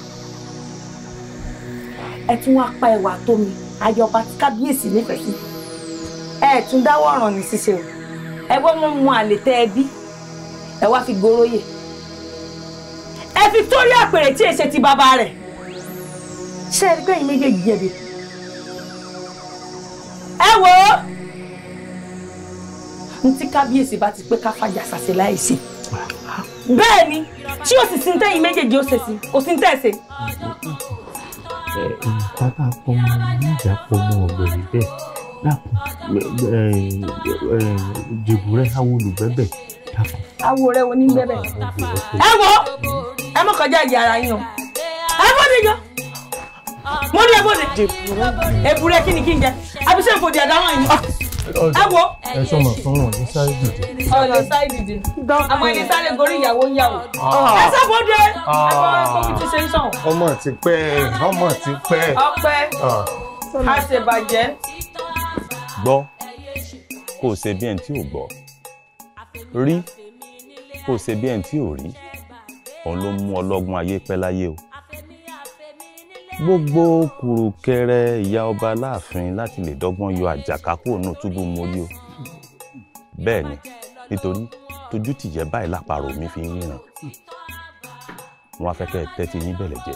ẹ tún wá pa ẹwà tó mi aya ọba tí kábíyèsí nífẹ̀ẹ́ sí ẹ tún dáwọ́ ọ̀ràn ní ṣíṣe o ẹ wọ́n mú mu àlè tẹ́ ẹ bí ẹ wá fi goróyè ẹ fi torí àpèrè tí èsè ti bàbá rẹ̀ ṣé ẹ rí pé méjèèjì jẹ̀bi ẹ wò ó ní tí kábíyèsí bá ti pé ká fàjà sàṣẹ láìsí bẹ́ẹ̀ ni tí o sì sí tẹ́yìn méjèèjì ó ṣèṣì kò sí tẹ̀sẹ̀. nǹkan bá pọmọ níjà pọmọ ọ̀gbẹ̀rì bẹ́ẹ̀ dákun jìbù rẹ awo olùgbẹ́bẹ̀ dákun. awo rẹ wo ní bẹ́bẹ̀. ẹ wo ẹ mọ kọjá ìyá ara yín o ẹ bọ́dé jọ mo ní ẹ bọ́dé. èbúrẹ́ kí ni kí n jẹ àbísẹ́ ìfòdì àdáwọ̀ yìí ẹ wo ẹ sọ ma fún wọn ní sáré dìde. ọ̀nà sáré dìde àmọ́ ẹni sáré gorí ìyàwó ń yàwó. Ah. ẹ sábọ́dé ah. ẹ kọ́ mi ti ṣe ń sàn. ọmọ ti pẹ́ ọmọ ti pẹ́. ọpẹ́ a ah. ṣe bàjẹ́. gbọ́ kó o ṣe bí ẹni tí ò gbọ́ rí kó o ṣe bí ẹni tí ò rí òun ló mú ọlọ́gbọ́n ayé pẹ́ láyé o gbogbo kùrùkẹrẹ ìyá ọba láàfin láti lè dọ́gbọ́n yọ àjàká kúrò nù túbú mọ́lẹ́ o bẹ́ẹ̀ ni nítorí tójú tìjẹ́ báyìí làpárò mi fi ń ríran wọn á fẹ́ kẹ́ ẹ tẹ́tí yín bẹ̀lẹ̀ jẹ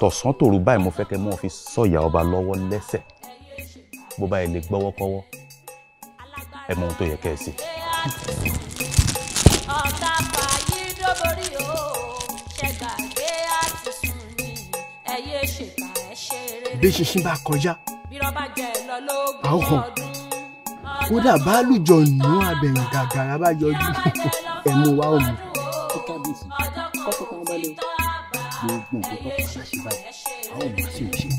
tọ̀sán tòru báyìí mo fẹ́ kẹ́ mọ́ fi sọ̀yà ọba lọ́wọ́ lẹ́sẹ̀ bó bá yẹ lè gbọ́wọ́kọ́wọ́ ẹ mọ ohun tó yẹ kẹ́ ẹ sí. Adéṣinṣin bá kọjá a ó hàn kódà báàlùjọ nù abẹ̀yìn gàgàrà bá yọjú ẹ̀mú wa ò mú.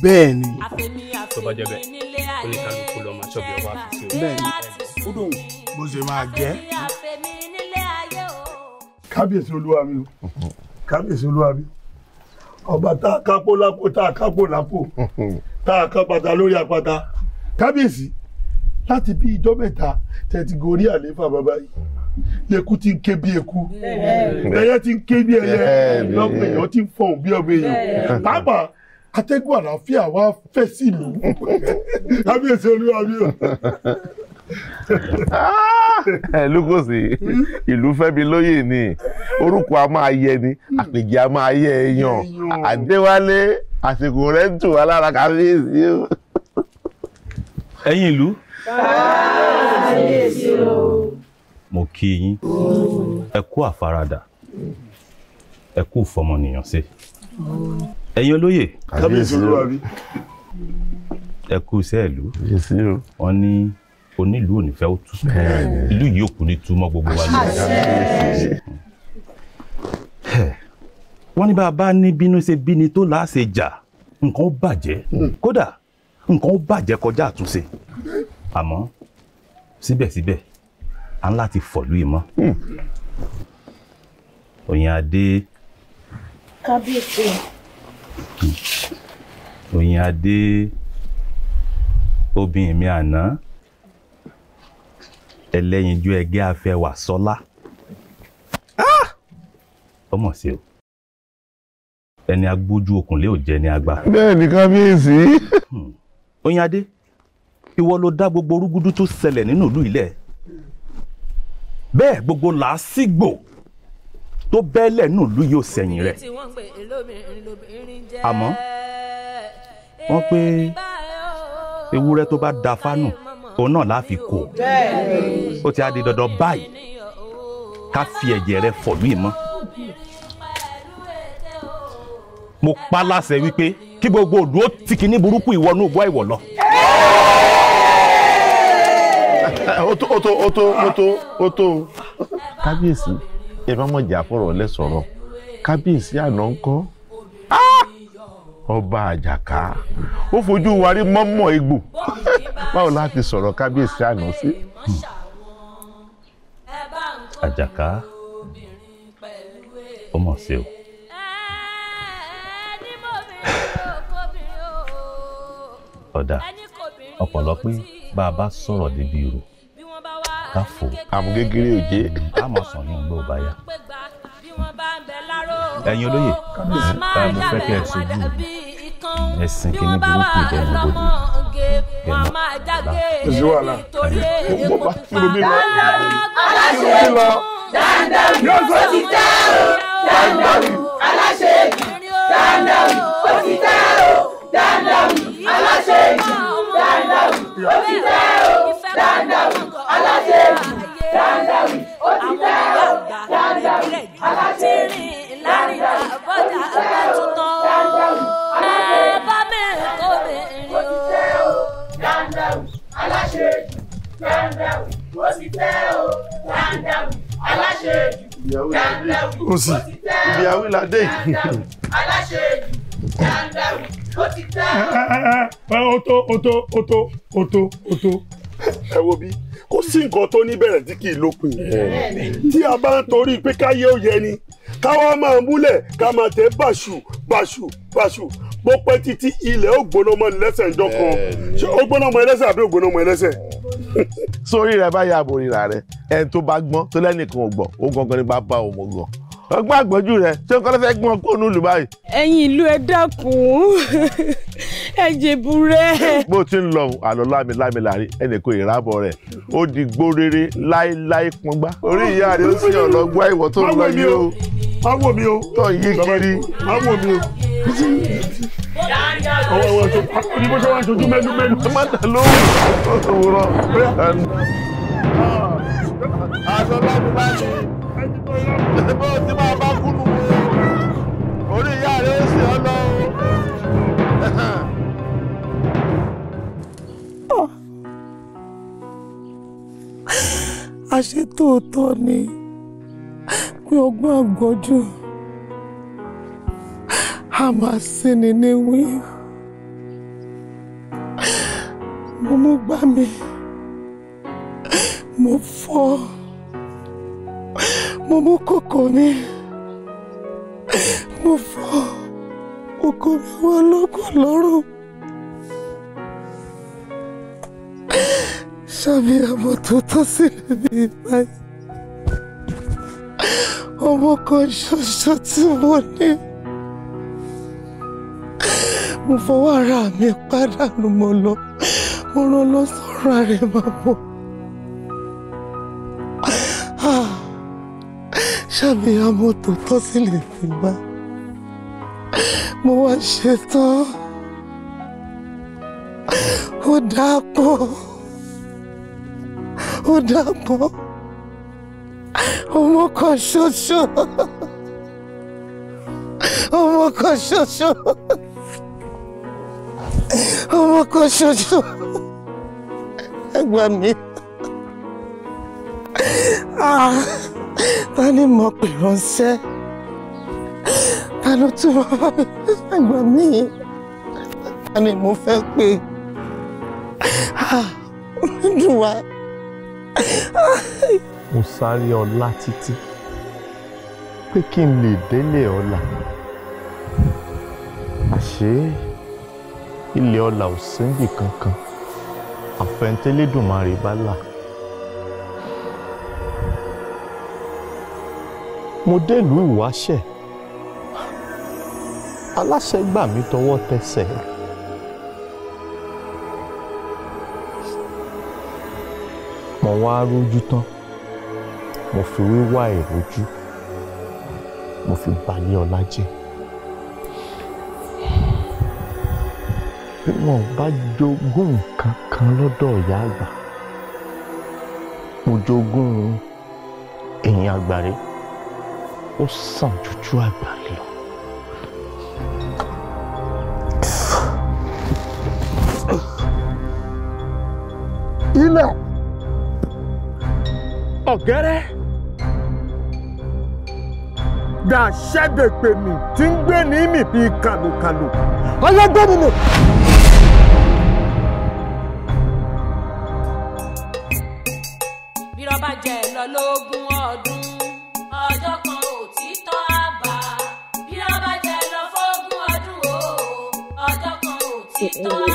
bẹ́ẹ̀ ni. bẹ́ẹ̀ ni ó ṣe máa jẹ́. kábíyèsí olúwa mi kábíyèsí olúwa mi ọba tá a kápó lápò tá a kápò lápò tá a ká pata lórí apata kábíyèsí láti bí ijọ́ mẹ́ta tẹ̀ ti gorí àlééfà bàbá yìí lẹ́kú ti ń ké bí eku ẹyẹ ti ń ké bí ẹyẹ lọ́gbọ̀n èèyàn ti ń fọ̀hún bí ọmọ èèyàn pàápàá atẹ́gùn àlàáfíà wa fẹ́ sí ìlú *laughs* kábíyèsí olúwa mi o. *laughs* lukosi *laughs* hmm? ìlú fẹ́mi lóyè ni orúkọ a máa yẹ ni hmm. àpèjì a máa yẹ èèyàn àdéwálé àsìkò rẹ̀ ń tù wá lára kábíyèsí o. ẹ̀yin ìlú. kábíyèsí o. mo kí yín ẹ kú àfaradà ẹ kú fọmọnìyàn ṣe ẹ̀yin olóyè kábíyèsí o ẹ kú sẹ́ẹ̀lú wọ́n ní onílù onífẹ́ ó tú ìlú yìí òkú ní túmọ̀ gbogbo wa lọ. wọ́n ní bá a bá ní bínú ṣe bíni tó láà ṣe jà nǹkan ó bàjẹ́ hmm. kódà nǹkan ó bàjẹ́ kọjá àtúnṣe àmọ́ síbẹ̀síbẹ̀ à ń láti fọ̀lú ìmọ̀ hmm. òyìn adé. kábíyèsí. òyìn hmm. adé obìnrin mi àná ẹlẹ́yinjú ẹgẹ́ afẹ́wà sọlá ọmọ ah! sí o ẹni agbójú okùnlé ò jẹ́ ní àgbà. bẹ́ẹ̀ ni kábíyèsí. Hmm. oyinade ìwọ ló dá gbogbo orúgúdú tó ṣẹlẹ̀ nínú ìlú ilẹ̀ bẹ́ẹ̀ gbogbo làásìgbò tó bẹ́ẹ̀lẹ̀ nínú ìlú yóò sẹ́yìn rẹ̀ àmọ́ wọ́n pé ewúrẹ́ tó bá da fánù òun náà la fi kó ó ti á di dandan báyìí ká fi ẹ̀jẹ̀ rẹ fọ̀ mí mọ́ mo pa láṣẹ wípé kí gbogbo òdu ó ti kíní burúkú ìwọ ní ògbó ìwọ lọ. o tó o tó o tó o tó o tó. kábíyèsí ẹ bá mọ̀ jà fọ̀rọ̀ lẹ́sọ̀rọ̀ kábíyèsí àná ń kọ́. Ah! ọba àjàká ó fojú wa rí mọ́mọ́ egbò báwo láti sọ̀rọ̀ kábíyèsí àná sí. àjàká ó mọ̀ sí o. ọ̀dà ọ̀pọ̀lọpọ̀ bá a bá sọ̀rọ̀ débi irú ká fò. àmúgégéré òjé. a mọ̀ sàn ní ìgbà ò yá. ẹ̀yin olóyè mo fẹ́ kẹ́ ẹ sojú ẹ̀sìn kìíní burúkú ìdẹ̀ gbogbo dé kẹ́mọ́ torí èkó ti pa aláṣẹ dandan ó ti tẹ́ dandan. kò sí. ibi àwọn ìlàdé yìí. aláṣẹ yìí dáadáa ó ti tẹ́ ọ. o tó o tó o tó o tó o tó ẹ wo bí kò sí nǹkan tó ní bẹ̀rẹ̀ tí kì í lópin tí a bá ń torí pé káyé ó yẹ ni káwa máa múlẹ̀ ká máa tẹ̀ bàṣù bàṣù bàṣù bó pẹ́ títí ilẹ̀ ó gbóná mọ́ lẹ́sẹ̀ ńjọ́ kan ṣé ó gbóná mọ́ ẹlẹ́sẹ̀ àbí ó gbóná mọ́ ẹlẹ́sẹ̀. sórí rẹ bá yà àbòrí rà rẹ ẹni tó bá gbọ́n tó lẹ́nìkan ò gbọ́n ó gangan ní bá bá òun gan ọgbọ́n àgbọ́jú rẹ̀ ṣé nǹkan ló fẹ́ gbọ́n kó nù lù báyìí. ìlú ẹ dákun ẹ jèbúrẹ́. bó ti ń lọ àlọ́ lámilámi láàrin ẹnì kan ìrábọ̀ rẹ̀ ó di gbóréré láéláé pọ́ngbá. orí ìyá rẹ̀ ó sì ọ̀lọ́gbọ́n ìwọ̀ tó ń lọ yìí o. má wò mí o. tó yí kiri. má wò mí o ọwọ́ ọwọ́ ṣe ní bó ṣe wá ṣojú mẹ́nu mẹ́nu. ẹ má dà lóhùn bó ti máa bá kú nù o orí ìyá rẹ ó sì ọ lọ o. àṣé tòótọ́ ni pé ọgbọ́n àgbọ́jù a máa sinmi ní wí mo mú gbá mi mo fọ́ ọ mo mú kòkò mi mo fọ kòkò mi wá lọ́kàn lọ́rùn. Ṣàbí àmọ́ tó tọ́ sílẹ̀ ní báyìí. Ọmọ kan ṣoṣo tí mo ní. Mo fọwọ́ ara mi pàdánù mo lọ. Mo rán lọ sọ́rọ̀ rẹ̀ máa ṣàníyàn tó tọ́ sílẹ̀ sí gbá mo wá ṣetán ó dàpọ̀ ó dàpọ̀ ọmọ kan ṣoṣo ọmọ kan ṣoṣo ọmọ kan ṣoṣo ẹ gbà mí. Ah ta ni mo pè ránṣẹ́ ta ló tún bàbá mi àgbà mi ta ni mo fẹ́ pé ah, dùn wá. Ah. mo sáré ọlá títí pé kí n lè délé ọlá àṣé ilé ọlá ò síbì kankan àfẹntélédùmarè bá là. mo délùú ìwáṣẹ̀ aláṣẹ gbà mí tọwọ́ tẹsẹ̀. mo wá rójú tán mo fi wíwá ìrójú mo fi balẹ̀ ọlá jẹ́ bí wọn bá jogún nǹkan kan lọ́dọ̀ ìyá àgbà mo jogún ẹ̀yìn àgbà rẹ̀ ó sàn jújú àgbà lọ. ilẹ̀ ọ̀gẹ́rẹ́ dàṣẹ́gbẹ̀pẹ̀ mi ti ń gbé ní mi bíi kàlùkàlù ọlọ́gbọ́n mi nù. ます。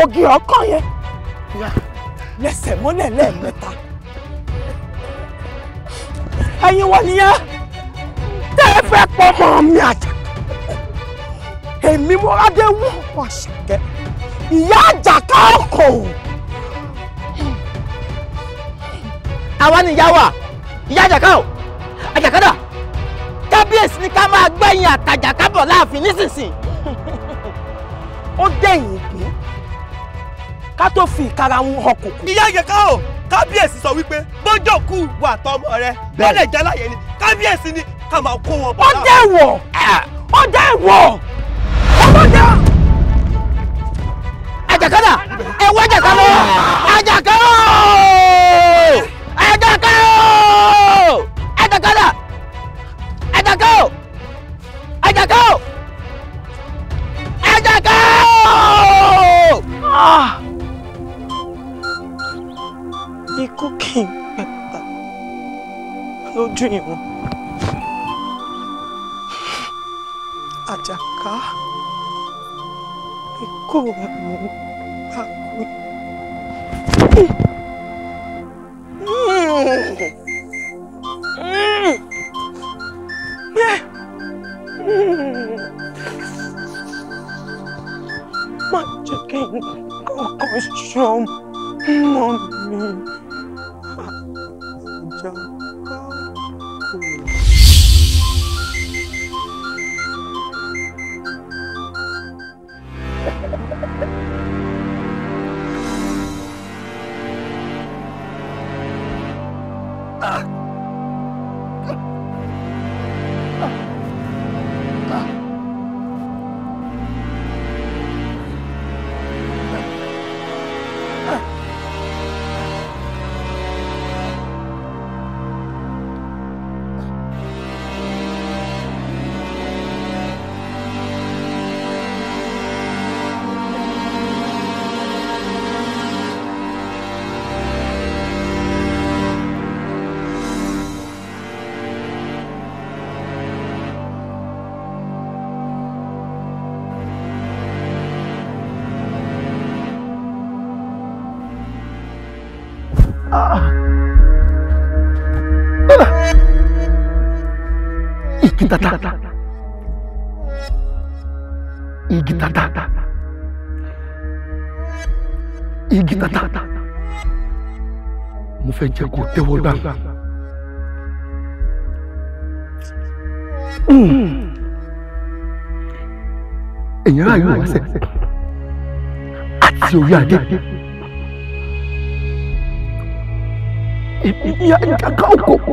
wọ́gi ọkàn yẹn lẹ́sẹ̀ mọ́lẹ̀ lẹ́ẹ̀mẹ́ta ẹ̀yin wọ́n nìyẹn tẹ́ ẹ fẹ́ pọ̀ mọ́ mi àjà èmi mọ́ládé wọ́n wọ́n ṣàkẹ́ ìyá àjàká ọkọ̀ o. àwa ni ìyá wa ìyá àjàká o àjàká dà kábíyèsí ni ká máa gbẹ̀yìn àtàjàká bọ̀ láàfin nísinsìnyí. ká tó fi ìkara wọn hàn kòkò. ìyá yẹ̀ká o kábíyèsí sọ wípé bọ́jọ́ kú wà tọmọ rẹ wọ́n lè jẹ́ láyé ni kábíyèsí ni ká máa kó wọn bọ̀. ọjà ẹ̀wọ̀ ọjà ẹ̀wọ̀ ọlọ́jà. àjàkálà ẹ̀wọ̀ àjàkálà àjàkálà àjàkálà àjàkálà àjàkálà àjàkálà Ah. ikú kì í pẹ̀pà lójú ìwọ̀n àjàká ikú ọ̀hún bá kú. Má jẹ́ kí n kọ́kọ́ ṣọ́ mọ́ mi. tata igi tata igi tata mo fẹ́ jẹ́ kó tẹ́wọ́ gbà. èyàn ráàyè wá sẹ̀ àti orí adé. ìyá ìjàkà òkòkò.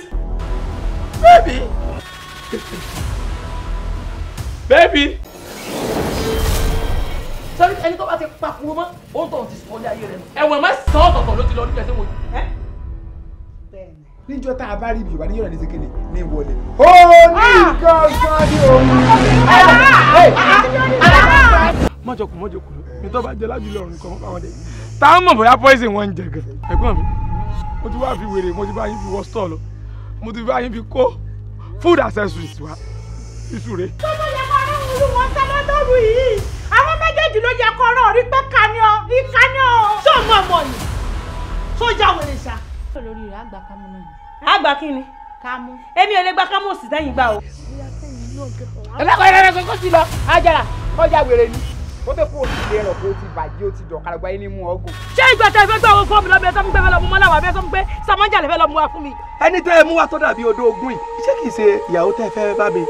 kúrò mọ́ ó ń tọ̀ ti sọ ní ayé rẹ̀ ẹ̀wọ̀n mẹ́sàn-án ọ̀tọ̀ọ̀tọ̀ ló ti lọ nígbà tí mo. níjọ́ tá a bá rí ibi ìwà níyọ̀rọ̀ ní sekele ní ìwọlé. ó ní gángan ní òun. mọ́jọkùn mọ́jọkùn ní tó bá jẹ lájúlẹ̀ ọ̀run kan fáwọn dẹ̀. tá a mọ̀ bóyá poison wọn ń jẹ gan. ẹ̀gbọ́n mi mo ti wá fi wèrè mo ti bá yín fi wọ́ stọ̀ lọ mo ti bá yín fi kó food accessories wa iṣu rẹ̀. tọ́mọ yẹn máa ń wúlò wọn sábà lọ́rùn yìí méjèèjì ló yẹ kọ́ ọ̀rọ̀ rí pé kání ọ ìkání ọ. tó mọ ọmọ ni tó ya wèrè ṣá. olórí rẹ àgbà kámú náà ni. àgbà kí ni. kámú. èmi ò lè gba kámú òsì sẹ́yìn gbà o. ẹlẹ́kọ̀ọ́ ẹlẹ́kọ̀ọ́ kó ti lọ ajára kọjá wèrè ni ó bẹ kó o ti lè rọ pé o ti bàjẹ́ o ti dọ̀ káràgbá yín ní mú ọgùn. ṣé ìgbà tẹ fẹ́ gbà owó fọ́ọ̀mù lọ́bẹ̀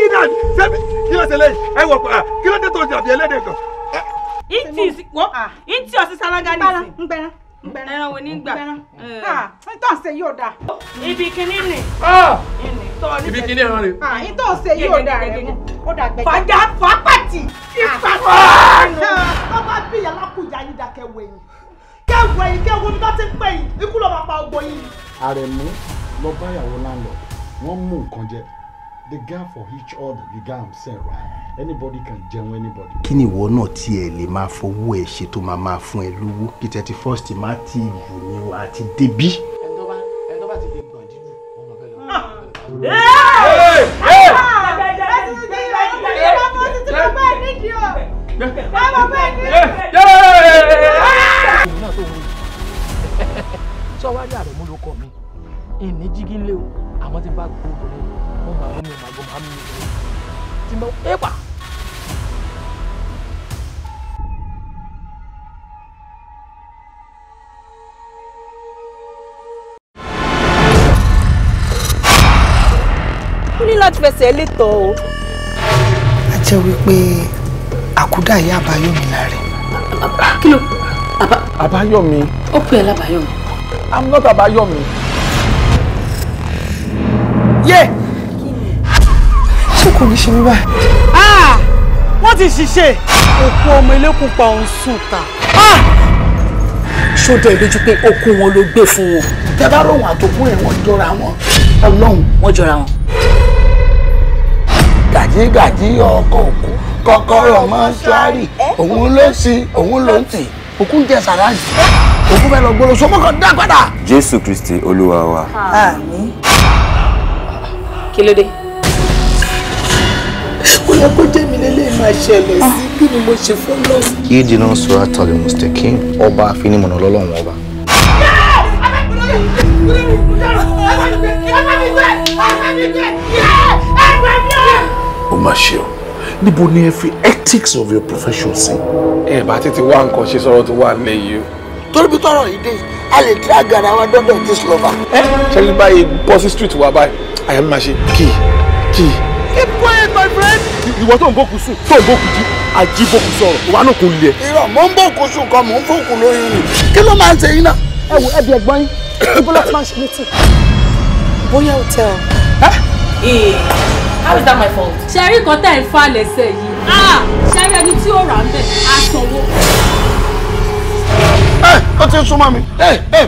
yín náà ṣebí kí ló ṣẹlẹ̀ ẹ wọ pa ah, kí ló dé tó ṣe àbí ẹlẹ́dẹ̀ kan. ìtì wọ́n ah. ìtì ọ̀sìn sálágà nìsín. ń gbẹ́rán ń gbẹ́rán ẹran wo ní gbà. ń tọ́ ṣe yóò dáa. ibi kìíní nì. Ah! ibi kìíní ẹran rè. ń tọ́ ṣe yóò dáa rẹ mú. ó dà gbẹ́jẹ́. fàjà fàpàtì. ìfàpàtì. ọba bíi alákùnjà yìí dákẹ́ wẹ̀yìn kẹwọ yìí kẹwọ bí bá ti ń pè yìí ikú ló máa pa ọgbọ yìí. àrẹ̀mú lọ bá ìyàwó láńlọ wọ́n mú nǹkan jẹ the guy for each other you get am sef right anybody can jẹun anybody. kí ni ìwọ náà tiẹ̀ lè máa fowó ẹ̀ ṣe tó máa máa fún ẹ lówó kí thirty first má ti yù ni o àti débí. ẹni tó bá ẹni tó bá ti lè gbọ̀n dídùn wọn fẹ́ lọ. sọ ah! wá rí àrẹ̀mú ló kọ mi ìní jígí lé o àmọ́ tí n bá gbó obìnrin mahamu mago mahamu tí mo é pa. ó ní láti fẹsẹ̀ létọ̀ o. a jẹ́ wípé àkúdà ìyá àbáyọ̀mí la rẹ̀. kí ló àbáyọ̀mí. ó pè é lábàáyọ̀mí. i'm not àbáyọ̀mí. yé. Yeah ṣé kò ní ṣe mí báyìí. Ah! wọ́n ti ṣiṣẹ́ òkú ọmọ elékùn pa òun sùn ta. Ah! ṣó dẹ̀ lójú pé okú wọn ló gbé fún wọn. ìjọba ròhùn àtòkù ẹ̀ wọ́n jọra wọn ọlọ́run wọ́n jọra wọn. gàjígàjí ọkọ̀ òkú kọ́kọ́rọ́ mọ́ṣúárì òun ló sí òun ló ń tì òkú ń jẹ sàràjì òkú fẹ́ lọ gbọ́dọ̀ sọ́mọ́ kan dá padà. jésù kristi olúwa wa. àmín. kí ló dé yẹ kó jẹ́ mi lélẹ́yìn máa ṣẹlẹ̀ sí ah. kí ni mo ṣe fún lọ. yìí dì náà sọ̀rọ̀ àtàlẹ̀ mùsítẹ̀kín ọba àfinimọ̀nà lọ́lọ́run ọba. ó mà ṣe o níbo ni ẹ fi ethics of your profession sí. ẹ bá tètè wá nǹkan ṣe sọ̀rọ̀ tó wà nílẹ̀ yìí o torí bí tọrọ yìí dé a lè tí agàrà wa dọdọ tí slova. ẹ ṣẹlẹ báyìí bọ́sí street wa báyìí àyà mi máa ṣe kí kí. keep quiet my friend ìwọ tó ń bókun sùn tó ń bókun jí àjí bókun sọ̀rọ̀ wà ló kún lé. irọ́ ń bókun sùn kan mò ń fòkun lórí yìí kí ló máa ń ṣe náà. ẹ wo ẹbí ẹ̀gbọ́n yín ibo ló bóyá o tẹ ọ. ee how is that my fault. ṣẹ́rí kan tẹ̀ ń fa lẹ́sẹ̀ yìí ah, ṣẹ́rí ẹni tí ó rà ń bẹ̀ á sanwó. ẹ ó ti súnmọ́ mi ẹ ẹ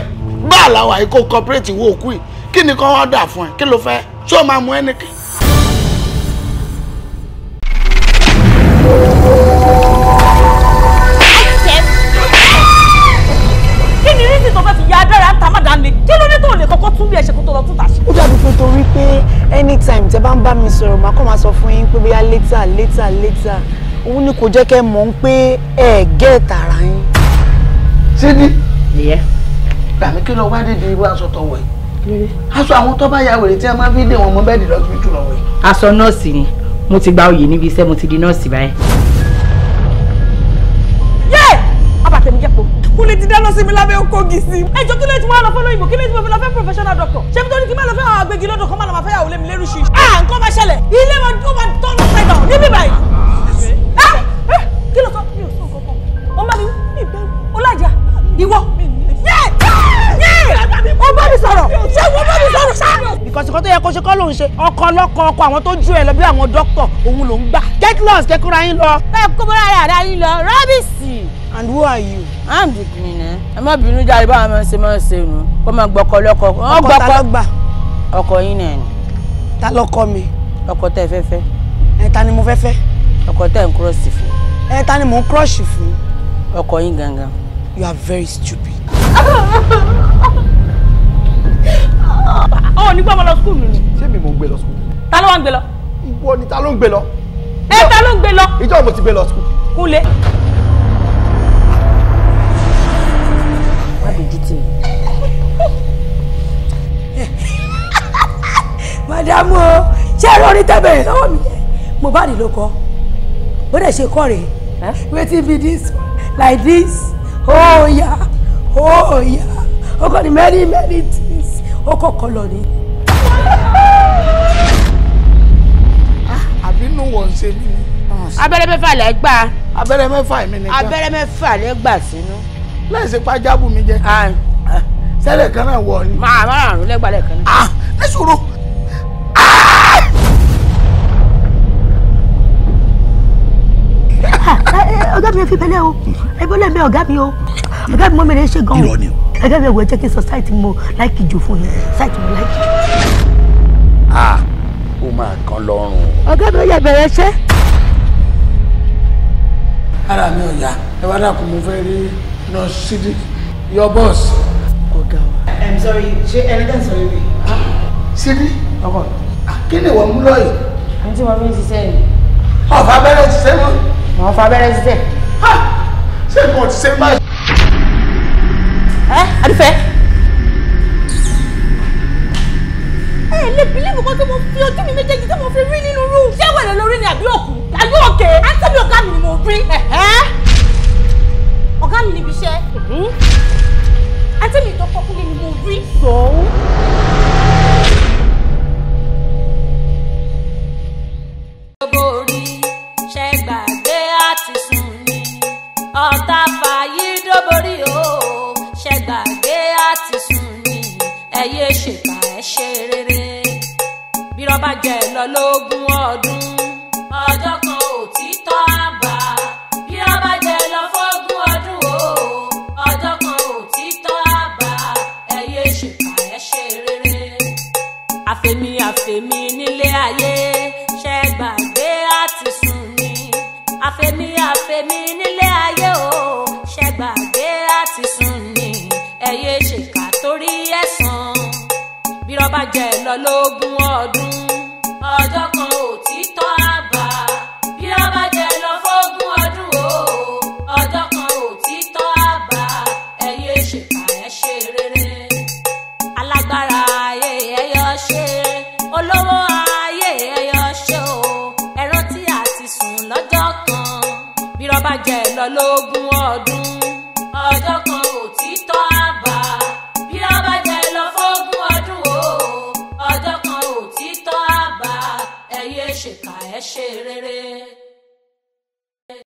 bá àlàwà yìí kó cooperate wo òkú yìí kí ni kán wá dà fún ẹ kí ló fẹ́ ṣé o máa mú ẹnikẹ́ni. kí ló dé tó lè kọ́kọ́ tún bí ẹ̀ṣẹ̀ kó tó lọ tún tà ṣe. ó dàbí pé torí pé anytime tẹ bá ń bá mi sọ̀rọ̀ màá kàn máa sọ fún yín pé bóyá later later later òun ni kò jẹ́ kẹ́ mọ̀ ń pé ẹ̀ gẹ́ tààrà yín. ṣé ní. ìyẹn. gbàmí kí ló wá dédé irú aṣọ tọwọ́ yìí aṣọ àwọn tó bá ya wèrè tí a máa fi dé wọn mọ bẹ́ẹ̀dì lọsibítù lọ́wọ́ yìí. aṣọ nọ́ọ̀sì ni mo ti gba oyè níbi iṣẹ́ mo ti di nọ́ọ̀sì báyìí. yé abatẹnijẹpo kó lè ti dáná sí mi lábẹ́ okògì sí. ẹ jọ kí ló ti wá lọ fẹ́ lóyìnbó kí ló ti wá fẹ́ professional doctor ṣé nítorí kí má lọ fẹ́ àwọn agbègi lọ́dọ̀ kan má lọ máa fẹ́ yàwó lé mi lérú ṣíṣe. à nǹkan bá ṣẹlẹ̀ ilé wa tó bá tọ́ lọ sẹ́gbà ò níbí ah, ah, kí ló sọ mi ò sọ nǹkan kan ọmọ mi mi ọlájà ìwọ ó bá mi sọ̀rọ̀ ṣé wọ́n bá mi sọ̀rọ̀ ṣá. ìkọ̀sìnkọ́ tó yẹ kó ṣe kọ́ ló ń ṣe ọkọ ọlọ́kọ ọkọ àwọn tó ju ẹ lọ bí àwọn dókítà òun ló ń gbà. get lost kẹkọrọ yín lọ. bẹ́ẹ̀ kó bọ́lá rẹ̀ yín lọ rọ́bìsì and who are you. i'm the cleaner. Eh? ẹ má bínú jáde báwa máa ṣe máa ṣe nù kó máa gbọkọ lọkọ. ọkọ ta ló gbà. ọkọ yín náà ni. ta lọkọ mi. ọkọ tẹ fẹ́ fẹ́. ẹ ta ni mo fẹ́ fẹ́. ọkọ tẹ n kúrọ́ọ̀sì fún. mo ń kúrọ́ọ̀sì fún. ọkọ yín you are very stupid. ọ̀ nígbà mo lọ sùkúlù ni. ṣé mi mò ń gbé lọ sùkúlù. ta ló wá ń gbé lọ. ìwọ ni ta ló ń gbé lọ. ẹ ta ló ń gbé lọ. ìjọ mo ti gbé lọ sùkúlù. kúnlẹ̀. dààmú o ṣé ẹ̀rọ orin tẹ́ bẹ̀rẹ̀ lọ́wọ́ mi yẹn Mohbad ló kọ bó dẹ̀ ṣe kọ́ rèé wetin be this like this oh yeah oh yeah ó kọ́ ni many many things ó kọ́ kọ́ lọ ni. Ah, àbínú wọ̀ ń ṣe mí abẹ́rẹ́ mẹ́fà lẹ́ gbà. abẹ́rẹ́ mẹ́fà mi nìkan. abẹ́rẹ́ mẹ́fà lẹ́ gbà sínú. lẹ́sìn pàjáwò mi jẹ. sẹ́lẹ̀ kan náà wọ̀ ni. màá márùn-ún lẹ́gbàá lẹ́ẹ̀kan náà. Ah, ẹ ṣòro mi ẹ fi bẹ́lẹ̀ o ẹ bọ́lẹ̀ mi ọ̀gá mi o ọ̀gá mi mọ́ mi rẹ̀ ṣe gan o ẹgẹ́ mi ẹ̀wọ̀ ẹ kí n sọ sáìtì mo láìkì jù fún yín sáìtì mo láìkì jù. a ó máa kan lọ́rùn. ọ̀gá mi ò yẹ bẹ̀rẹ̀ ṣẹ́. ara mi ò yá ẹ wá dàkún mo fẹ́ rí nurse Sidiq your boss. ọ̀gá wa. i'm sorry ṣé ẹni tẹ́ ń sọ rere. sídìí ah, ọkọ ah, kí ni ìwọ mú lọ́ọ̀yì. àǹtí wọn fi ń ṣiṣẹ́ yìí. ọ̀fà abẹ́rẹ́ ṣiṣẹ́ mọ́. ọ̀fà abẹ́rẹ́ ṣiṣẹ́ ṣé nǹkan ti ṣe ń báyìí. ẹ adúfẹ́. ẹ lè bílíìfù kan tí mo fi ojú mi méjèèjì tí mo fi rí nínú rú. ṣé wẹ̀rẹ̀ lórí ni àbí òkú àbí òkè àtẹ̀bí ọ̀gá mi ni mo rí. ọ̀gá mi níbi iṣẹ́ mm-hmm. àtẹ̀bí ìtọ́kọ́kú mi ni mo rí. sọ̀ọ́. ayé ṣèkà ẹ ṣe rere bí rọ́bà jẹ́ ẹ lọ lógún ọdún ọjọ́ kan òtítọ́ àbá bí rọ́bà jẹ́ ẹ lọ fọ́gún ọdún o ọjọ́ kan òtítọ́ àbá ẹyẹ ṣèkà ẹ ṣe rere. àfẹ̀mí àfẹ̀mí nílé ayé ṣẹ́ gbàgbé àti sùn ni àfẹ̀mí àfẹ̀mí ní. bá jẹ lọ lógún ọdún. ọjọ́ kan òtítọ́ àbá bí ó bá jẹ lọ fógún ọdún o. ọjọ́ kan òtítọ́ àbá ẹ̀yin èṣèkà ẹ̀ ṣe rere. alágbára ayé ẹ yọ ṣe olówó ayé ẹ yọ ṣe o. ẹ̀rọ tí a ti sùn lọ́jọ́ kan bí ó bá jẹ lọ lógún. shit it is.